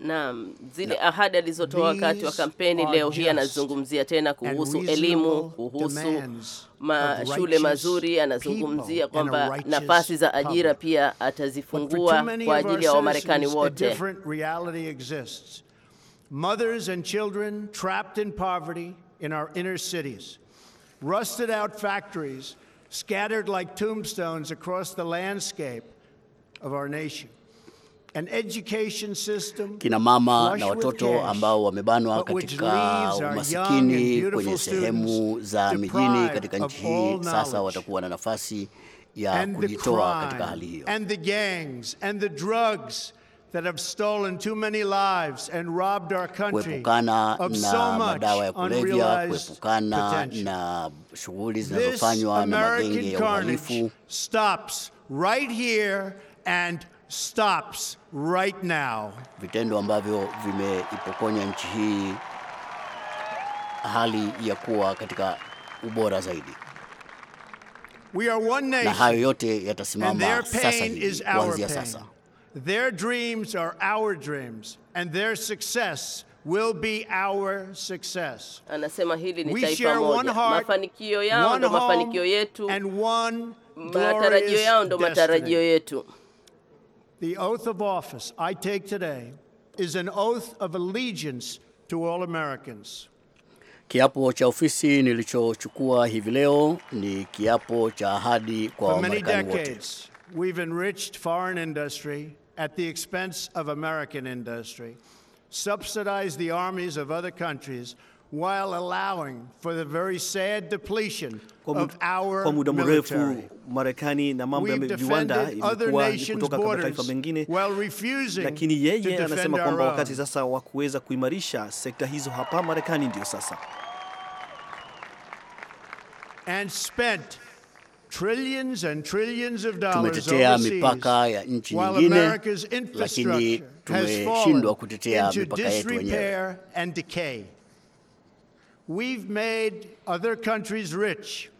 S1: Naam, zile ahadi alizotoa wakati wa kampeni leo hii anazungumzia tena kuhusu elimu, kuhusu mashule mazuri, anazungumzia kwamba nafasi za ajira pia atazifungua kwa ajili ya Wamarekani wote.
S3: Mothers and children trapped in poverty in our inner cities. Rusted out factories scattered like tombstones across the landscape of our nation. An education system,
S4: kina mama na watoto ambao wamebanwa katika umasikini kwenye sehemu za mijini katika nchi hii sasa watakuwa na nafasi ya kujitoa katika hali hiyo.
S3: And the gangs and the drugs that have stolen too many lives and robbed our country kuepukana na madawa ya kulevya, kuepukana
S4: na shughuli zinazofanywa na magenge ya uhalifu
S3: stops right here and stops right now. Vitendo
S4: ambavyo vimeipokonya nchi hii hali ya kuwa katika ubora zaidi.
S3: We are one nation, na hayo
S4: yote yatasimama sasa hivi kuanzia sasa.
S3: Their dreams are our dreams and their success will be our success. Anasema hili ni taifa moja. Mafanikio yao ndo mafanikio yetu. Matarajio yao ndo matarajio yetu. the oath of office I take today is an oath of allegiance to all Americans.
S4: Kiapo cha ofisi nilichochukua hivi leo ni kiapo cha ahadi kwa wote.
S3: We've enriched foreign industry at the expense of American industry, subsidized the armies of other countries while allowing for the very sad depletion of our military. Marekani na mambo ya viwanda imekuwa kutoka kwa mataifa mengine, lakini yeye anasema kwamba wakati
S2: sasa wa kuweza kuimarisha sekta hizo hapa Marekani ndio sasa
S3: and spent trillions and trillions of dollars tumetetea mipaka
S4: ya nchi nyingine, lakini tumeshindwa kutetea mipaka yetu wenyewe.
S3: We've made other countries rich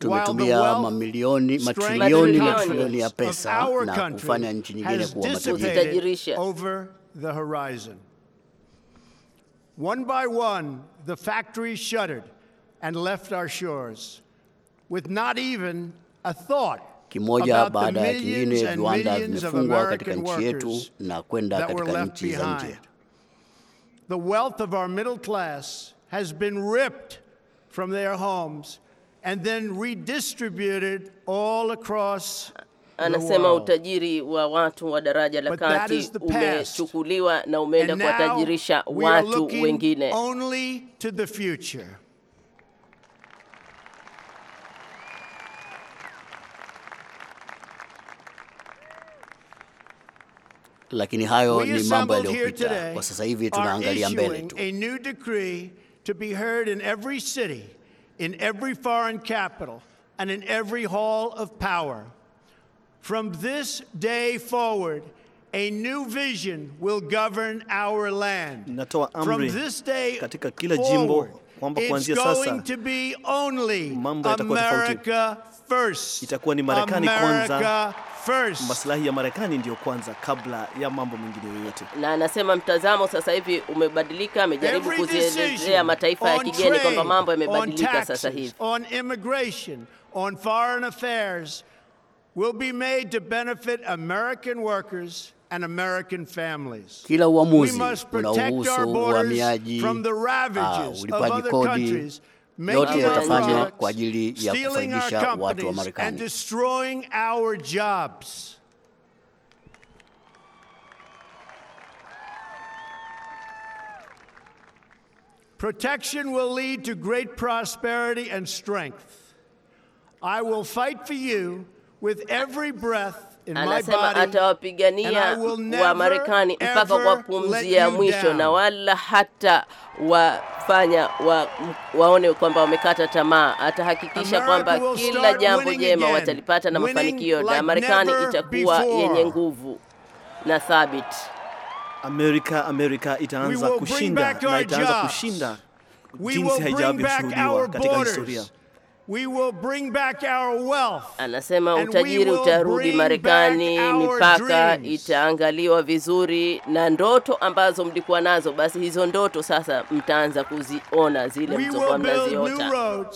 S3: tumetumia
S4: mamilioni matrilioni na trilioni ya pesa na kufanya nchi nyingine kuwa matajiri.
S3: Over the horizon. One by one, the factories shuttered and left our shores with not even a thought kimoja baada ya kingine, viwanda vimefungwa katika nchi yetu
S4: na kwenda katika nchi za nje.
S3: The wealth of our middle class has been ripped from their homes and then redistributed all across
S1: Anasema utajiri wa watu wa daraja la kati umechukuliwa na umeenda kuwatajirisha watu wengine. Only
S3: to the future.
S4: Lakini hayo ni mambo yaliyopita.
S3: Kwa sasa hivi tunaangalia mbele tu. to be heard in every city, in every foreign capital, and in every hall of power. From this day forward, a new vision will govern our land. From this day forward, it's going to
S2: be only America first. America. Marekani kwanza, first. Maslahi ya Marekani ndiyo kwanza kabla ya mambo mengine yoyote.
S1: Na anasema mtazamo sasa hivi umebadilika, amejaribu kuzielezea mataifa ya kigeni kwamba mambo yamebadilika
S3: sasa hivi. On immigration, on foreign affairs will be made to benefit American workers and American families. Kila uamuzi unaohusu uhamiaji, ah, ulipaji kodi Yote yatafanywa kwa ajili ya kufaidisha watu wa Marekani. Protection will lead to great prosperity and strength. I will fight for you with every breath anasema
S1: atawapigania wa Marekani mpaka kwa pumzi ya mwisho down. Na wala hata wafanya wa, waone kwamba wamekata tamaa. Atahakikisha kwamba kila jambo jema watalipata na mafanikio like na Marekani itakuwa before. yenye nguvu na thabiti.
S2: Amerika, Amerika itaanza kushinda na itaanza kushinda
S3: jinsi haijawahi kushuhudiwa katika historia. We will bring back our wealth. Anasema utajiri utarudi
S1: Marekani, mipaka itaangaliwa vizuri na ndoto ambazo mlikuwa nazo, basi hizo ndoto sasa mtaanza kuziona zile mlizokuwa mnaziota.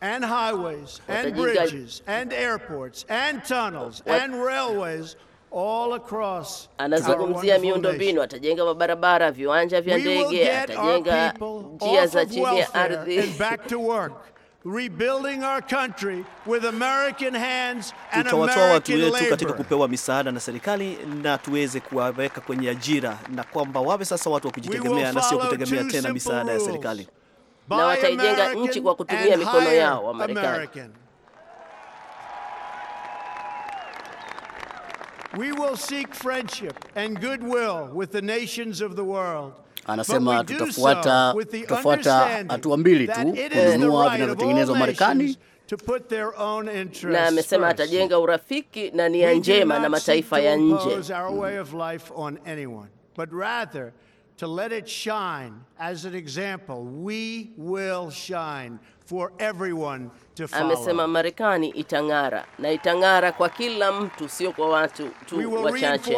S3: And highways and bridges and airports and tunnels and railways all across.
S1: Anazungumzia miundombinu, atajenga mabarabara, viwanja vya ndege, atajenga
S3: njia za chini ya ardhi rebuilding our country with American hands and tutawatoa watu wetu katika
S2: kupewa misaada na serikali na tuweze kuwaweka kwenye ajira na kwamba wawe sasa watu wa kujitegemea na sio kutegemea tena misaada ya serikali,
S3: na wataijenga nchi kwa kutumia mikono yao wa Marekani. We will seek friendship and goodwill with the nations of the world.
S4: Anasema tutafuata tutafuata hatua mbili tu, kununua vinavyotengenezwa Marekani
S3: na amesema atajenga urafiki na nia njema na mataifa ya nje. to let it shine shine as an example we will For everyone to follow. Amesema
S1: Marekani itang'ara na itang'ara kwa kila mtu, sio kwa watu tu wachache.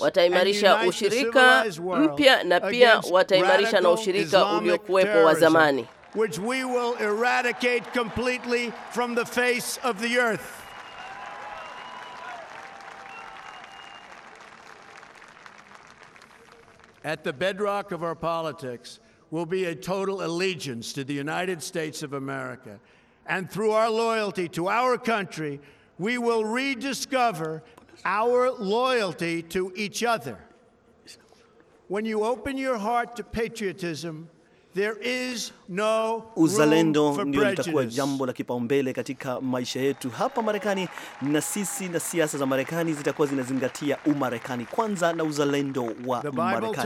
S3: Wataimarisha ushirika mpya na pia wataimarisha na ushirika uliokuwepo wa zamani. Which we will eradicate completely from the face of the earth. At the bedrock of our politics, will be a total allegiance to the United States of America. And through our loyalty to our country, we will rediscover our loyalty to each other. When you open your heart to patriotism, There is no uzalendo ndio litakuwa
S2: jambo la kipaumbele katika maisha yetu hapa Marekani, na sisi na siasa za Marekani zitakuwa zinazingatia umarekani kwanza na uzalendo wa Marekani.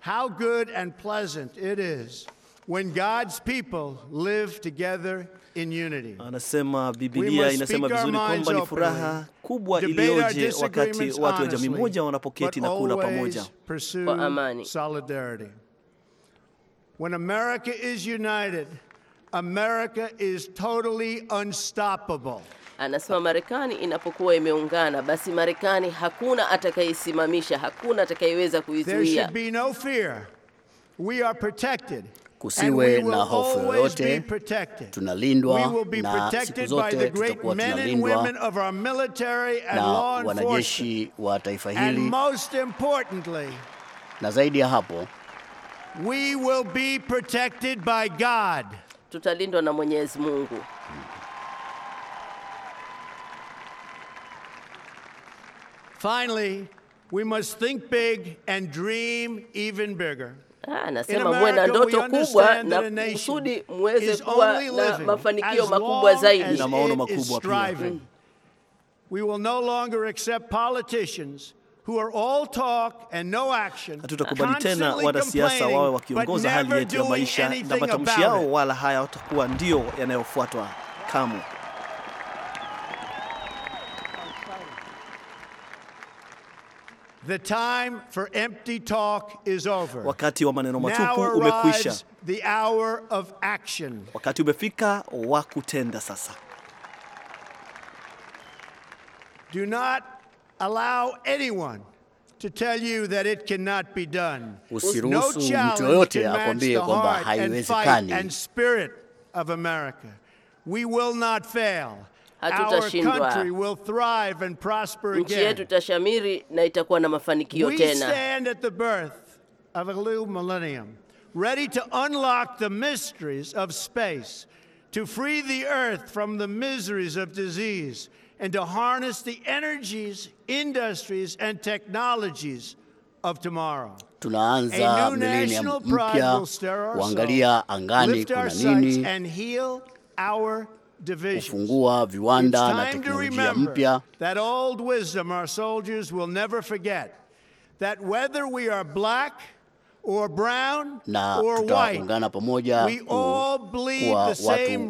S3: How good and pleasant it is when God's people live together in unity.
S2: Anasema Biblia inasema vizuri kwamba ni furaha
S3: kubwa iliyoje wakati watu wa jamii moja wanapoketi na kula pamoja kwa amani. Solidarity. When America is united, America is totally unstoppable.
S1: Anasema Marekani inapokuwa imeungana, basi Marekani hakuna atakayesimamisha, hakuna atakayeweza kuizuia.
S3: kusiwe na hofu yoyote, tunalindwa na siku zote tutakuwa tunalindwa na wanajeshi
S4: wa taifa hili, na zaidi ya hapo
S3: We will be protected by God. Tutalindwa na Mwenyezi Mungu. Finally, we must think big and dream even bigger. Anasema ah, mwe na ndoto kubwa na kusudi mweze kuwa na mafanikio makubwa zaidi na maono makubwa pia. We will no longer accept politicians who are all talk and no action. Hatutakubali tena wanasiasa wawe wakiongoza hali yetu ya maisha na matamshi yao
S2: wala haya watakuwa ndio yanayofuatwa kamwe.
S3: The time for empty talk is over. Wakati wa maneno matupu umekwisha. The hour of action. Wakati umefika wa kutenda sasa. Do not allow anyone to tell you that it cannot be done. Usiruhusu mtu yoyote akwambie kwamba haiwezekani. And spirit of America. We will not fail. hatutashindwa. Nchi yetu
S1: the na itakuwa na mafanikio tena.
S3: ready to unlock the mysteries of space, to free the earth from the miseries of disease, and to harness the energies, industries, and technologies of tomorrow.
S4: Tunaanza milenia mpya, kuangalia angani kuna nini, and
S3: heal our
S4: kufungua viwanda na teknolojia mpya.
S3: Brown
S4: na or tutaungana pamoja we all
S3: the kuwa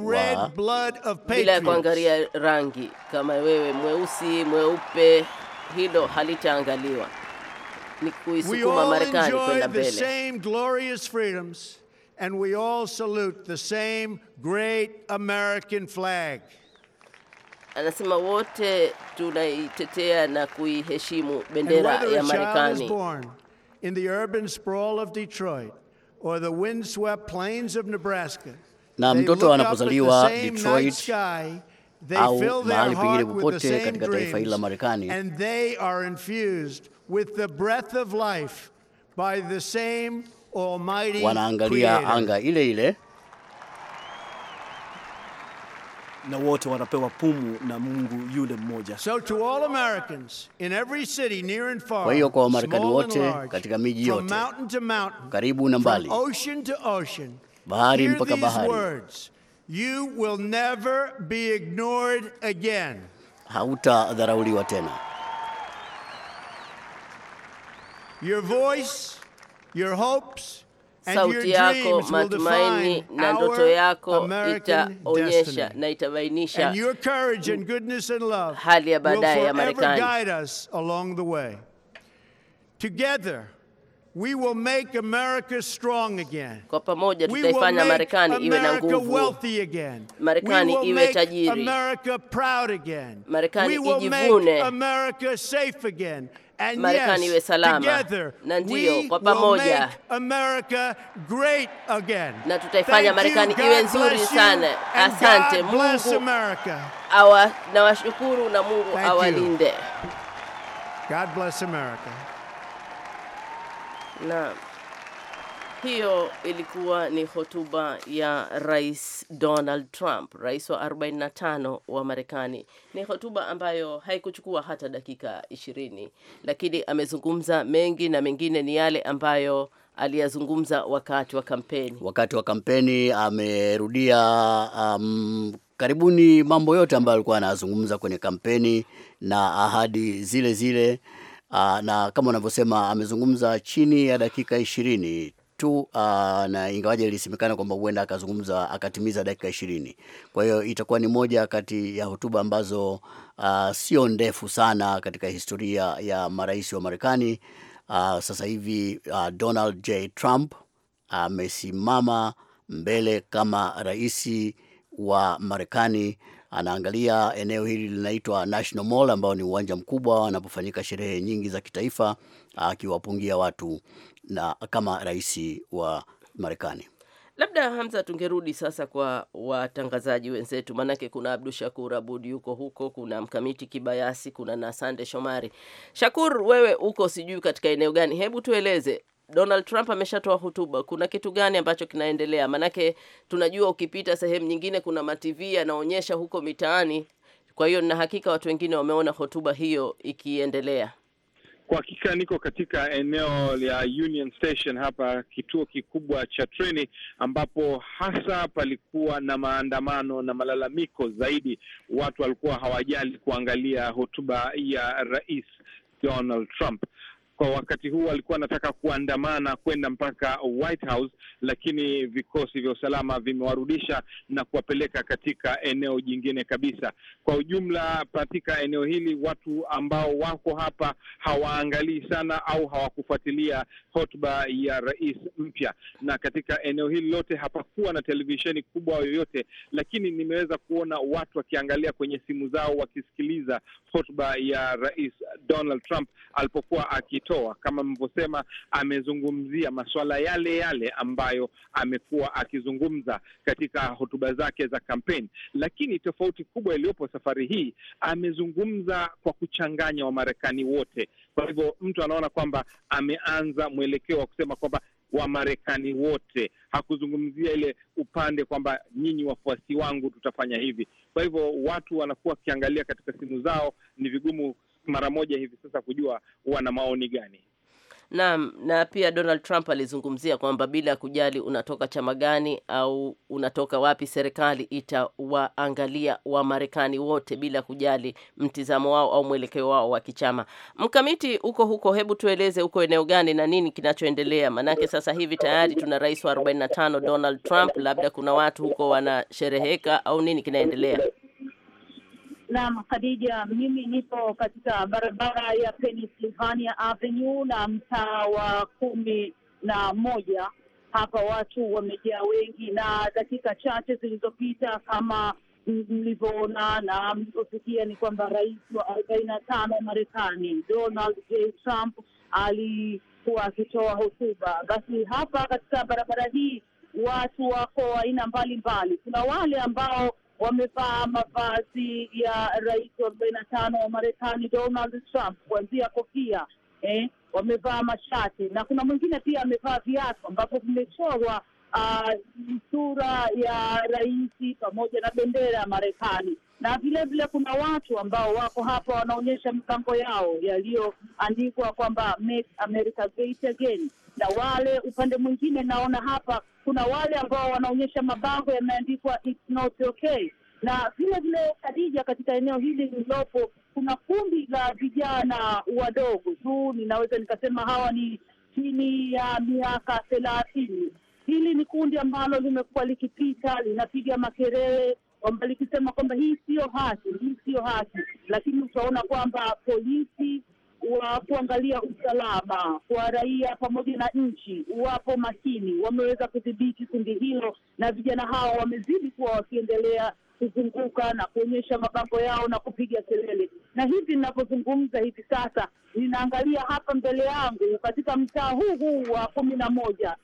S3: watu bila ya kuangalia rangi,
S1: kama wewe mweusi mweupe, hilo halitaangaliwa. Ni kuisukuma Marekani kwenda mbele
S3: and we all salute the same great American flag.
S1: Anasema wote tunaitetea na kuiheshimu bendera ya Marekani.
S3: born in the urban sprawl of Detroit or the windswept plains of Nebraska,
S4: na mtoto anapozaliwa Detroit au mahali pengine popote katika taifa hili la Marekani,
S3: and they are infused with the breath of life by the same wanaangalia
S4: anga ile
S2: ile na wote wanapewa pumu
S3: na Mungu yule mmoja. So to all Americans in every city near and far. Kwa hiyo kwa Wamarekani wote katika miji yote, karibu na mbali,
S4: bahari mpaka bahari,
S3: you will never be ignored again.
S4: Hautadharauliwa tena.
S3: Your voice Your hopes sauti yako, matumaini na ndoto yako itaonyesha
S1: na itabainisha
S3: hali ya baadaye ya Marekani. Kwa pamoja tutaifanya Marekani iwe na nguvu, Marekani iwe tajiri, Marekani ijivune Marekani iwe salama, na ndiyo, kwa pamoja na tutaifanya Marekani iwe nzuri sana. Asante Mungu awa,
S1: na washukuru na Mungu awalinde.
S3: God bless America.
S1: Naam. Hiyo ilikuwa ni hotuba ya Rais Donald Trump, rais wa 45 wa Marekani. Ni hotuba ambayo haikuchukua hata dakika 20, lakini amezungumza mengi na mengine ni yale ambayo aliyazungumza wakati wa kampeni.
S4: Wakati wa kampeni amerudia um, karibuni mambo yote ambayo alikuwa anazungumza kwenye kampeni na ahadi zile zile. Uh, na kama unavyosema amezungumza chini ya dakika ishirini tu uh, na ingawaje ilisemekana kwamba huenda akazungumza akatimiza dakika ishirini. Kwa hiyo itakuwa ni moja kati ya hotuba ambazo uh, sio ndefu sana katika historia ya marais wa Marekani. Ah, sasa hivi uh, Donald J Trump amesimama mbele kama raisi wa Marekani anaangalia eneo hili linaitwa National Mall, ambao ni uwanja mkubwa wanapofanyika sherehe nyingi za kitaifa, akiwapungia watu na kama rais wa Marekani.
S1: Labda Hamza, tungerudi sasa kwa watangazaji wenzetu, maanake kuna Abdu Shakur Abud yuko huko, kuna Mkamiti Kibayasi, kuna Nasande Shomari. Shakur, wewe uko sijui katika eneo gani, hebu tueleze Donald Trump ameshatoa hotuba, kuna kitu gani ambacho kinaendelea? Maanake tunajua ukipita sehemu nyingine kuna matv yanaonyesha huko mitaani, kwa hiyo nina hakika watu wengine wameona hotuba hiyo ikiendelea.
S8: Kwa hakika niko katika eneo la Union Station hapa, kituo kikubwa cha treni, ambapo hasa palikuwa na maandamano na malalamiko zaidi. Watu walikuwa hawajali kuangalia hotuba ya Rais Donald Trump. Kwa wakati huu alikuwa anataka kuandamana kwenda mpaka White House, lakini vikosi vya usalama vimewarudisha na kuwapeleka katika eneo jingine kabisa. Kwa ujumla, katika eneo hili watu ambao wako hapa hawaangalii sana au hawakufuatilia hotuba ya rais mpya, na katika eneo hili lote hapakuwa na televisheni kubwa yoyote, lakini nimeweza kuona watu wakiangalia kwenye simu zao wakisikiliza hotuba ya rais Donald Trump alipokuwa aki ametoa, kama mlivyosema, amezungumzia masuala yale yale ambayo amekuwa akizungumza katika hotuba zake za kampeni, lakini tofauti kubwa iliyopo safari hii amezungumza kwa kuchanganya Wamarekani wote. Kwa hivyo mtu anaona kwamba ameanza mwelekeo wa kusema kwamba Wamarekani wote. Hakuzungumzia ile upande kwamba nyinyi wafuasi wangu tutafanya hivi. Kwa hivyo watu wanakuwa wakiangalia katika simu zao, ni vigumu mara moja hivi sasa kujua wana maoni gani.
S1: Naam, na pia Donald Trump alizungumzia kwamba bila kujali unatoka chama gani au unatoka wapi, serikali itawaangalia Wamarekani wote bila kujali mtizamo wao au mwelekeo wao wa kichama. Mkamiti, huko huko, hebu tueleze huko eneo gani na nini kinachoendelea? Manake sasa hivi tayari tuna rais wa 45 Donald Trump, labda kuna watu huko wanashereheka au nini kinaendelea?
S6: Naam, Khadija, mimi nipo katika barabara ya Pennsylvania Avenue na mtaa wa kumi na moja. Hapa watu wamejaa wengi, na dakika chache zilizopita kama mlivyoona na mlivyosikia ni kwamba rais wa arobaini na tano wa Marekani Donald J Trump alikuwa akitoa hotuba. Basi hapa katika barabara hii watu wako aina mbalimbali, kuna wale ambao wamevaa mavazi ya rais wa arobaini na tano wa Marekani Donald Trump, kuanzia kofia eh, wamevaa mashati na kuna mwingine pia amevaa viatu ambavyo vimechorwa ah, sura uh, ya rais pamoja na bendera ya Marekani na vile vile kuna watu ambao wako hapa wanaonyesha mipango yao yaliyoandikwa kwamba Make America Great Again na wale upande mwingine naona hapa kuna wale ambao wanaonyesha mabango yameandikwa it's not okay, na vile vile hadija katika eneo hili lililopo kuna kundi la vijana wadogo tu, ninaweza nikasema hawa ni chini ya miaka thelathini. Hili ni kundi ambalo limekuwa likipita linapiga makerere kwamba likisema kwamba hii siyo haki, hii siyo haki, lakini utaona kwamba polisi wa kuangalia usalama kwa raia pamoja na nchi wapo makini, wameweza kudhibiti kundi hilo, na vijana hao wamezidi kuwa wakiendelea kuzunguka na kuonyesha mabango yao na kupiga kelele. Na hivi ninavyozungumza hivi sasa, ninaangalia hapa mbele yangu katika mtaa huu huu wa kumi na moja,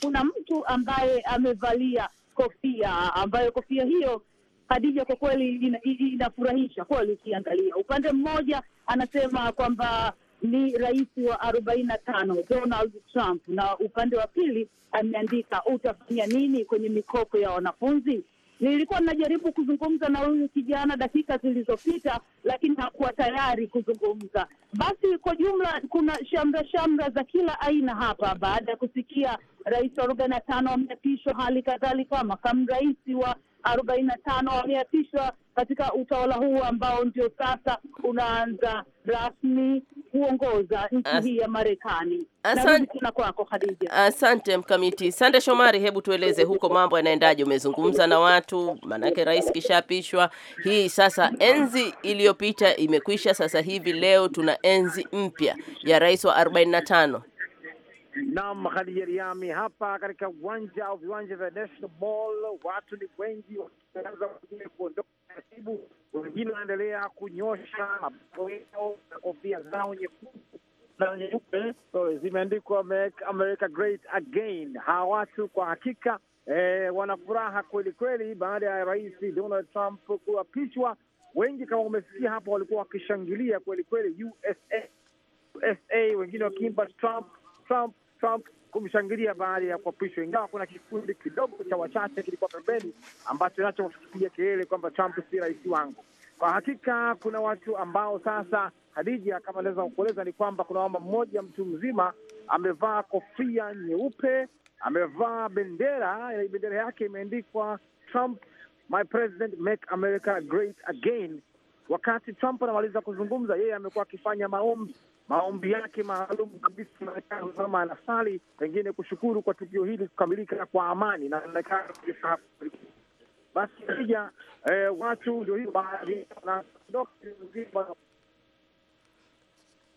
S6: kuna mtu ambaye amevalia kofia ambayo kofia hiyo Hadija, kwa kweli inafurahisha ina kweli, ukiangalia upande mmoja anasema kwamba ni rais wa arobaini na tano Donald Trump, na upande wa pili ameandika utafanya nini kwenye mikopo ya wanafunzi. Nilikuwa ninajaribu kuzungumza na huyu kijana dakika zilizopita, lakini hakuwa tayari kuzungumza. Basi kwa jumla, kuna shamra shamra za kila aina hapa, baada ya kusikia rais wa arobaini na tano ameapishwa, hali kadhalika makamu rais wa arobaini na tano ameapishwa katika utawala huu ambao ndio sasa unaanza rasmi kuongoza nchi As... hii ya Marekani. Asante kwako Khadija.
S1: Asante mkamiti. Sande Shomari, hebu tueleze huko mambo yanaendaje? Umezungumza na watu, maanake rais kishapishwa. Hii sasa enzi iliyopita imekwisha, sasa hivi leo tuna enzi mpya ya rais wa 45
S5: Naam, Khadija Riami hapa katika uwanja au viwanja vya National Mall, watu ni wengi wakianza kuondoka taratibu, wengine wanaendelea kunyosha mabango yao na kofia zao nyekundu na nyeupe zimeandikwa Make America Great Again. Hawa watu kwa hakika eh, wana furaha kweli kweli baada ya Rais Donald Trump kuapishwa. Wengi kama umesikia hapo, walikuwa wakishangilia kweli kweli, USA, USA, wengine wakiimba Trump, Trump Trump kumshangilia baada ya kuapishwa, ingawa kuna kikundi kidogo cha wachache kilikuwa pembeni ambacho nacho wakipiga kelele kwamba Trump si rais wangu. Kwa hakika kuna watu ambao sasa, Hadija, kama naweza kukueleza ni kwamba kuna mama mmoja mtu mzima amevaa kofia nyeupe, amevaa bendera, eh, bendera yake imeandikwa Trump, my president, make America great again. Wakati Trump anamaliza kuzungumza, yeye amekuwa akifanya maombi maombi yake maalum kabisa, Marekani kama anasali pengine kushukuru kwa tukio hili kukamilika kwa amani na Marekani basi kija eh, watu ndio hiyo baadhi
S6: wanaondoka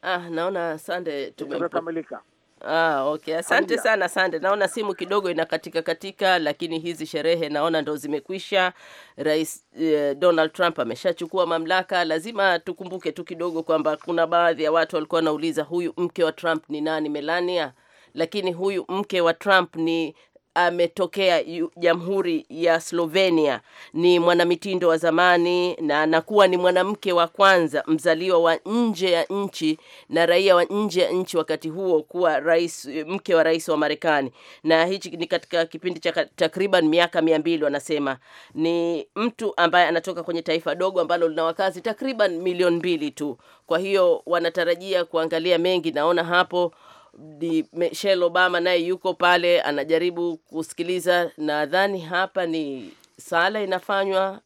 S1: ah, naona sande tumekamilika. Ah, okay. Asante Amina. sana Sande. Naona simu kidogo inakatika katika, lakini hizi sherehe naona ndo zimekwisha. Rais eh, Donald Trump ameshachukua mamlaka. Lazima tukumbuke tu kidogo kwamba kuna baadhi ya watu walikuwa wanauliza huyu mke wa Trump ni nani, Melania? Lakini huyu mke wa Trump ni ametokea Jamhuri ya Slovenia. Ni mwanamitindo wa zamani na anakuwa ni mwanamke wa kwanza mzaliwa wa nje ya nchi na raia wa nje ya nchi wakati huo kuwa rais, mke wa rais wa Marekani, na hichi ni katika kipindi cha takriban miaka mia mbili. Wanasema ni mtu ambaye anatoka kwenye taifa dogo ambalo lina wakazi takriban milioni mbili tu. Kwa hiyo wanatarajia kuangalia mengi, naona hapo Di Michelle Obama naye yuko pale anajaribu kusikiliza. Nadhani hapa ni sala inafanywa,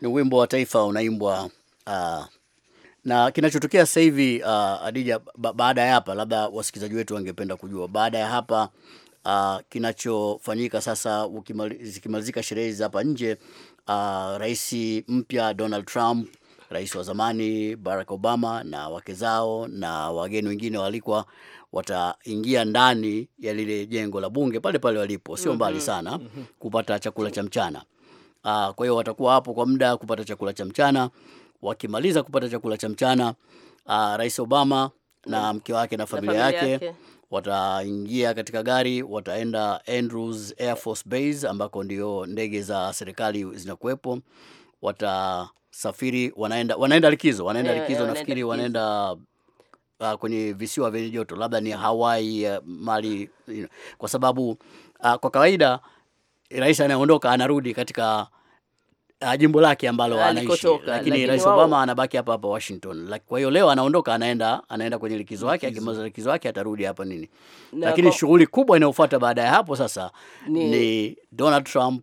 S4: ni wimbo wa taifa unaimbwa uh, na kinachotokea sasa hivi uh, Adija, ba baada ya hapa, labda wasikilizaji wetu wangependa kujua baada ya hapa uh, kinachofanyika sasa, zikimalizika sherehe za hapa nje uh, rais mpya Donald Trump rais wa zamani Barack Obama na wake zao na wageni wengine walikuwa wataingia ndani ya lile jengo la bunge pale pale walipo, sio mhm. mbali sana, mhm. kupata chakula cha mchana. Aa, ah, kwa hiyo watakuwa hapo kwa muda kupata chakula cha mchana. Wakimaliza kupata chakula cha mchana, ah, Rais Obama na mhm. mke wake na familia, yake, wataingia katika gari wataenda Andrews Air Force Base ambako ndio ndege za serikali zinakuwepo. Watasafiri, wanaenda wanaenda likizo, wanaenda eh, likizo, nafikiri wanaenda uh, kwenye visiwa vyenye joto, labda ni Hawaii, uh, mali you know, kwa sababu uh, kwa kawaida rais anayeondoka anarudi katika uh, jimbo lake ambalo ah, anaishi, lakini rais Obama anabaki hapa hapa Washington. Kwa hiyo leo anaondoka, anaenda anaenda kwenye likizo yake, akimaliza likizo yake atarudi hapa nini, lakini shughuli kubwa inayofuata baada ya hapo sasa ni, ni Donald Trump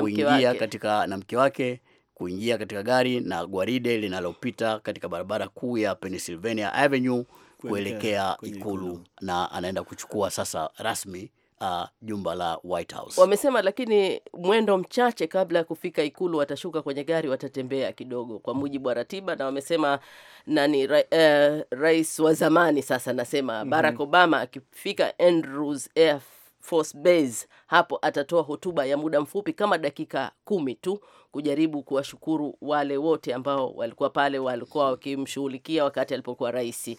S4: kuingia katika na mke wake kuingia katika gari na gwaride linalopita katika barabara kuu ya Pennsylvania Avenue kuelekea ikulu na anaenda kuchukua sasa rasmi uh, jumba la White House. Wamesema
S1: lakini mwendo mchache kabla ya kufika ikulu watashuka kwenye gari, watatembea kidogo kwa mujibu wa ratiba, na wamesema nani ra, eh, rais wa zamani sasa nasema mm -hmm. Barack Obama akifika Andrews Air Force Base hapo atatoa hotuba ya muda mfupi kama dakika kumi tu kujaribu kuwashukuru wale wote ambao walikuwa pale, walikuwa wakimshughulikia wakati alipokuwa rais.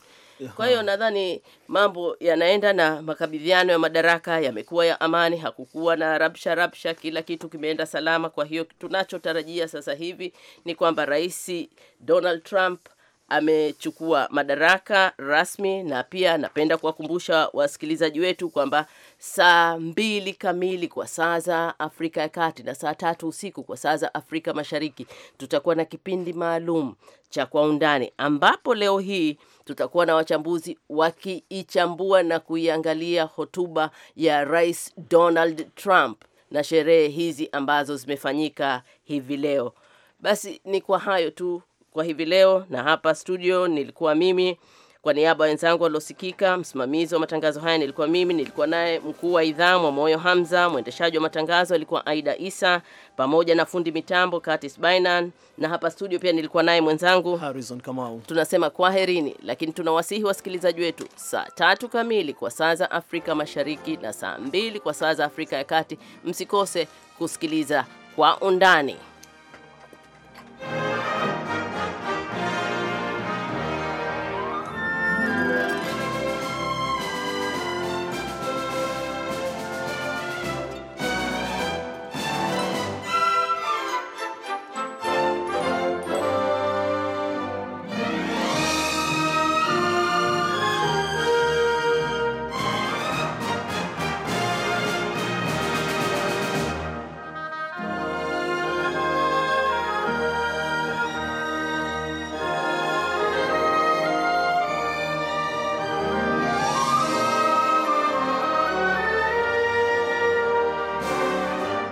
S1: Kwa hiyo nadhani mambo yanaenda na makabidhiano ya madaraka yamekuwa ya amani, hakukuwa na rabsha rabsha, kila kitu kimeenda salama. Kwa hiyo tunachotarajia sasa hivi ni kwamba Rais Donald Trump amechukua madaraka rasmi, na pia napenda kuwakumbusha wasikilizaji wetu kwamba saa mbili kamili kwa saa za Afrika ya Kati na saa tatu usiku kwa saa za Afrika Mashariki tutakuwa na kipindi maalum cha Kwa Undani, ambapo leo hii tutakuwa na wachambuzi wakiichambua na kuiangalia hotuba ya Rais Donald Trump na sherehe hizi ambazo zimefanyika hivi leo. Basi ni kwa hayo tu kwa hivi leo, na hapa studio nilikuwa mimi kwa niaba ya wenzangu waliosikika. Msimamizi wa matangazo haya nilikuwa mimi, nilikuwa naye mkuu wa idhaa moyo Hamza, mwendeshaji wa matangazo alikuwa Aida Isa, pamoja na fundi mitambo Curtis Bainan, na hapa studio pia nilikuwa naye mwenzangu Harrison Kamau. Tunasema kwaherini, lakini tunawasihi wasikilizaji wetu, saa tatu kamili kwa saa za Afrika Mashariki na saa mbili kwa saa za Afrika ya Kati, msikose kusikiliza kwa undani.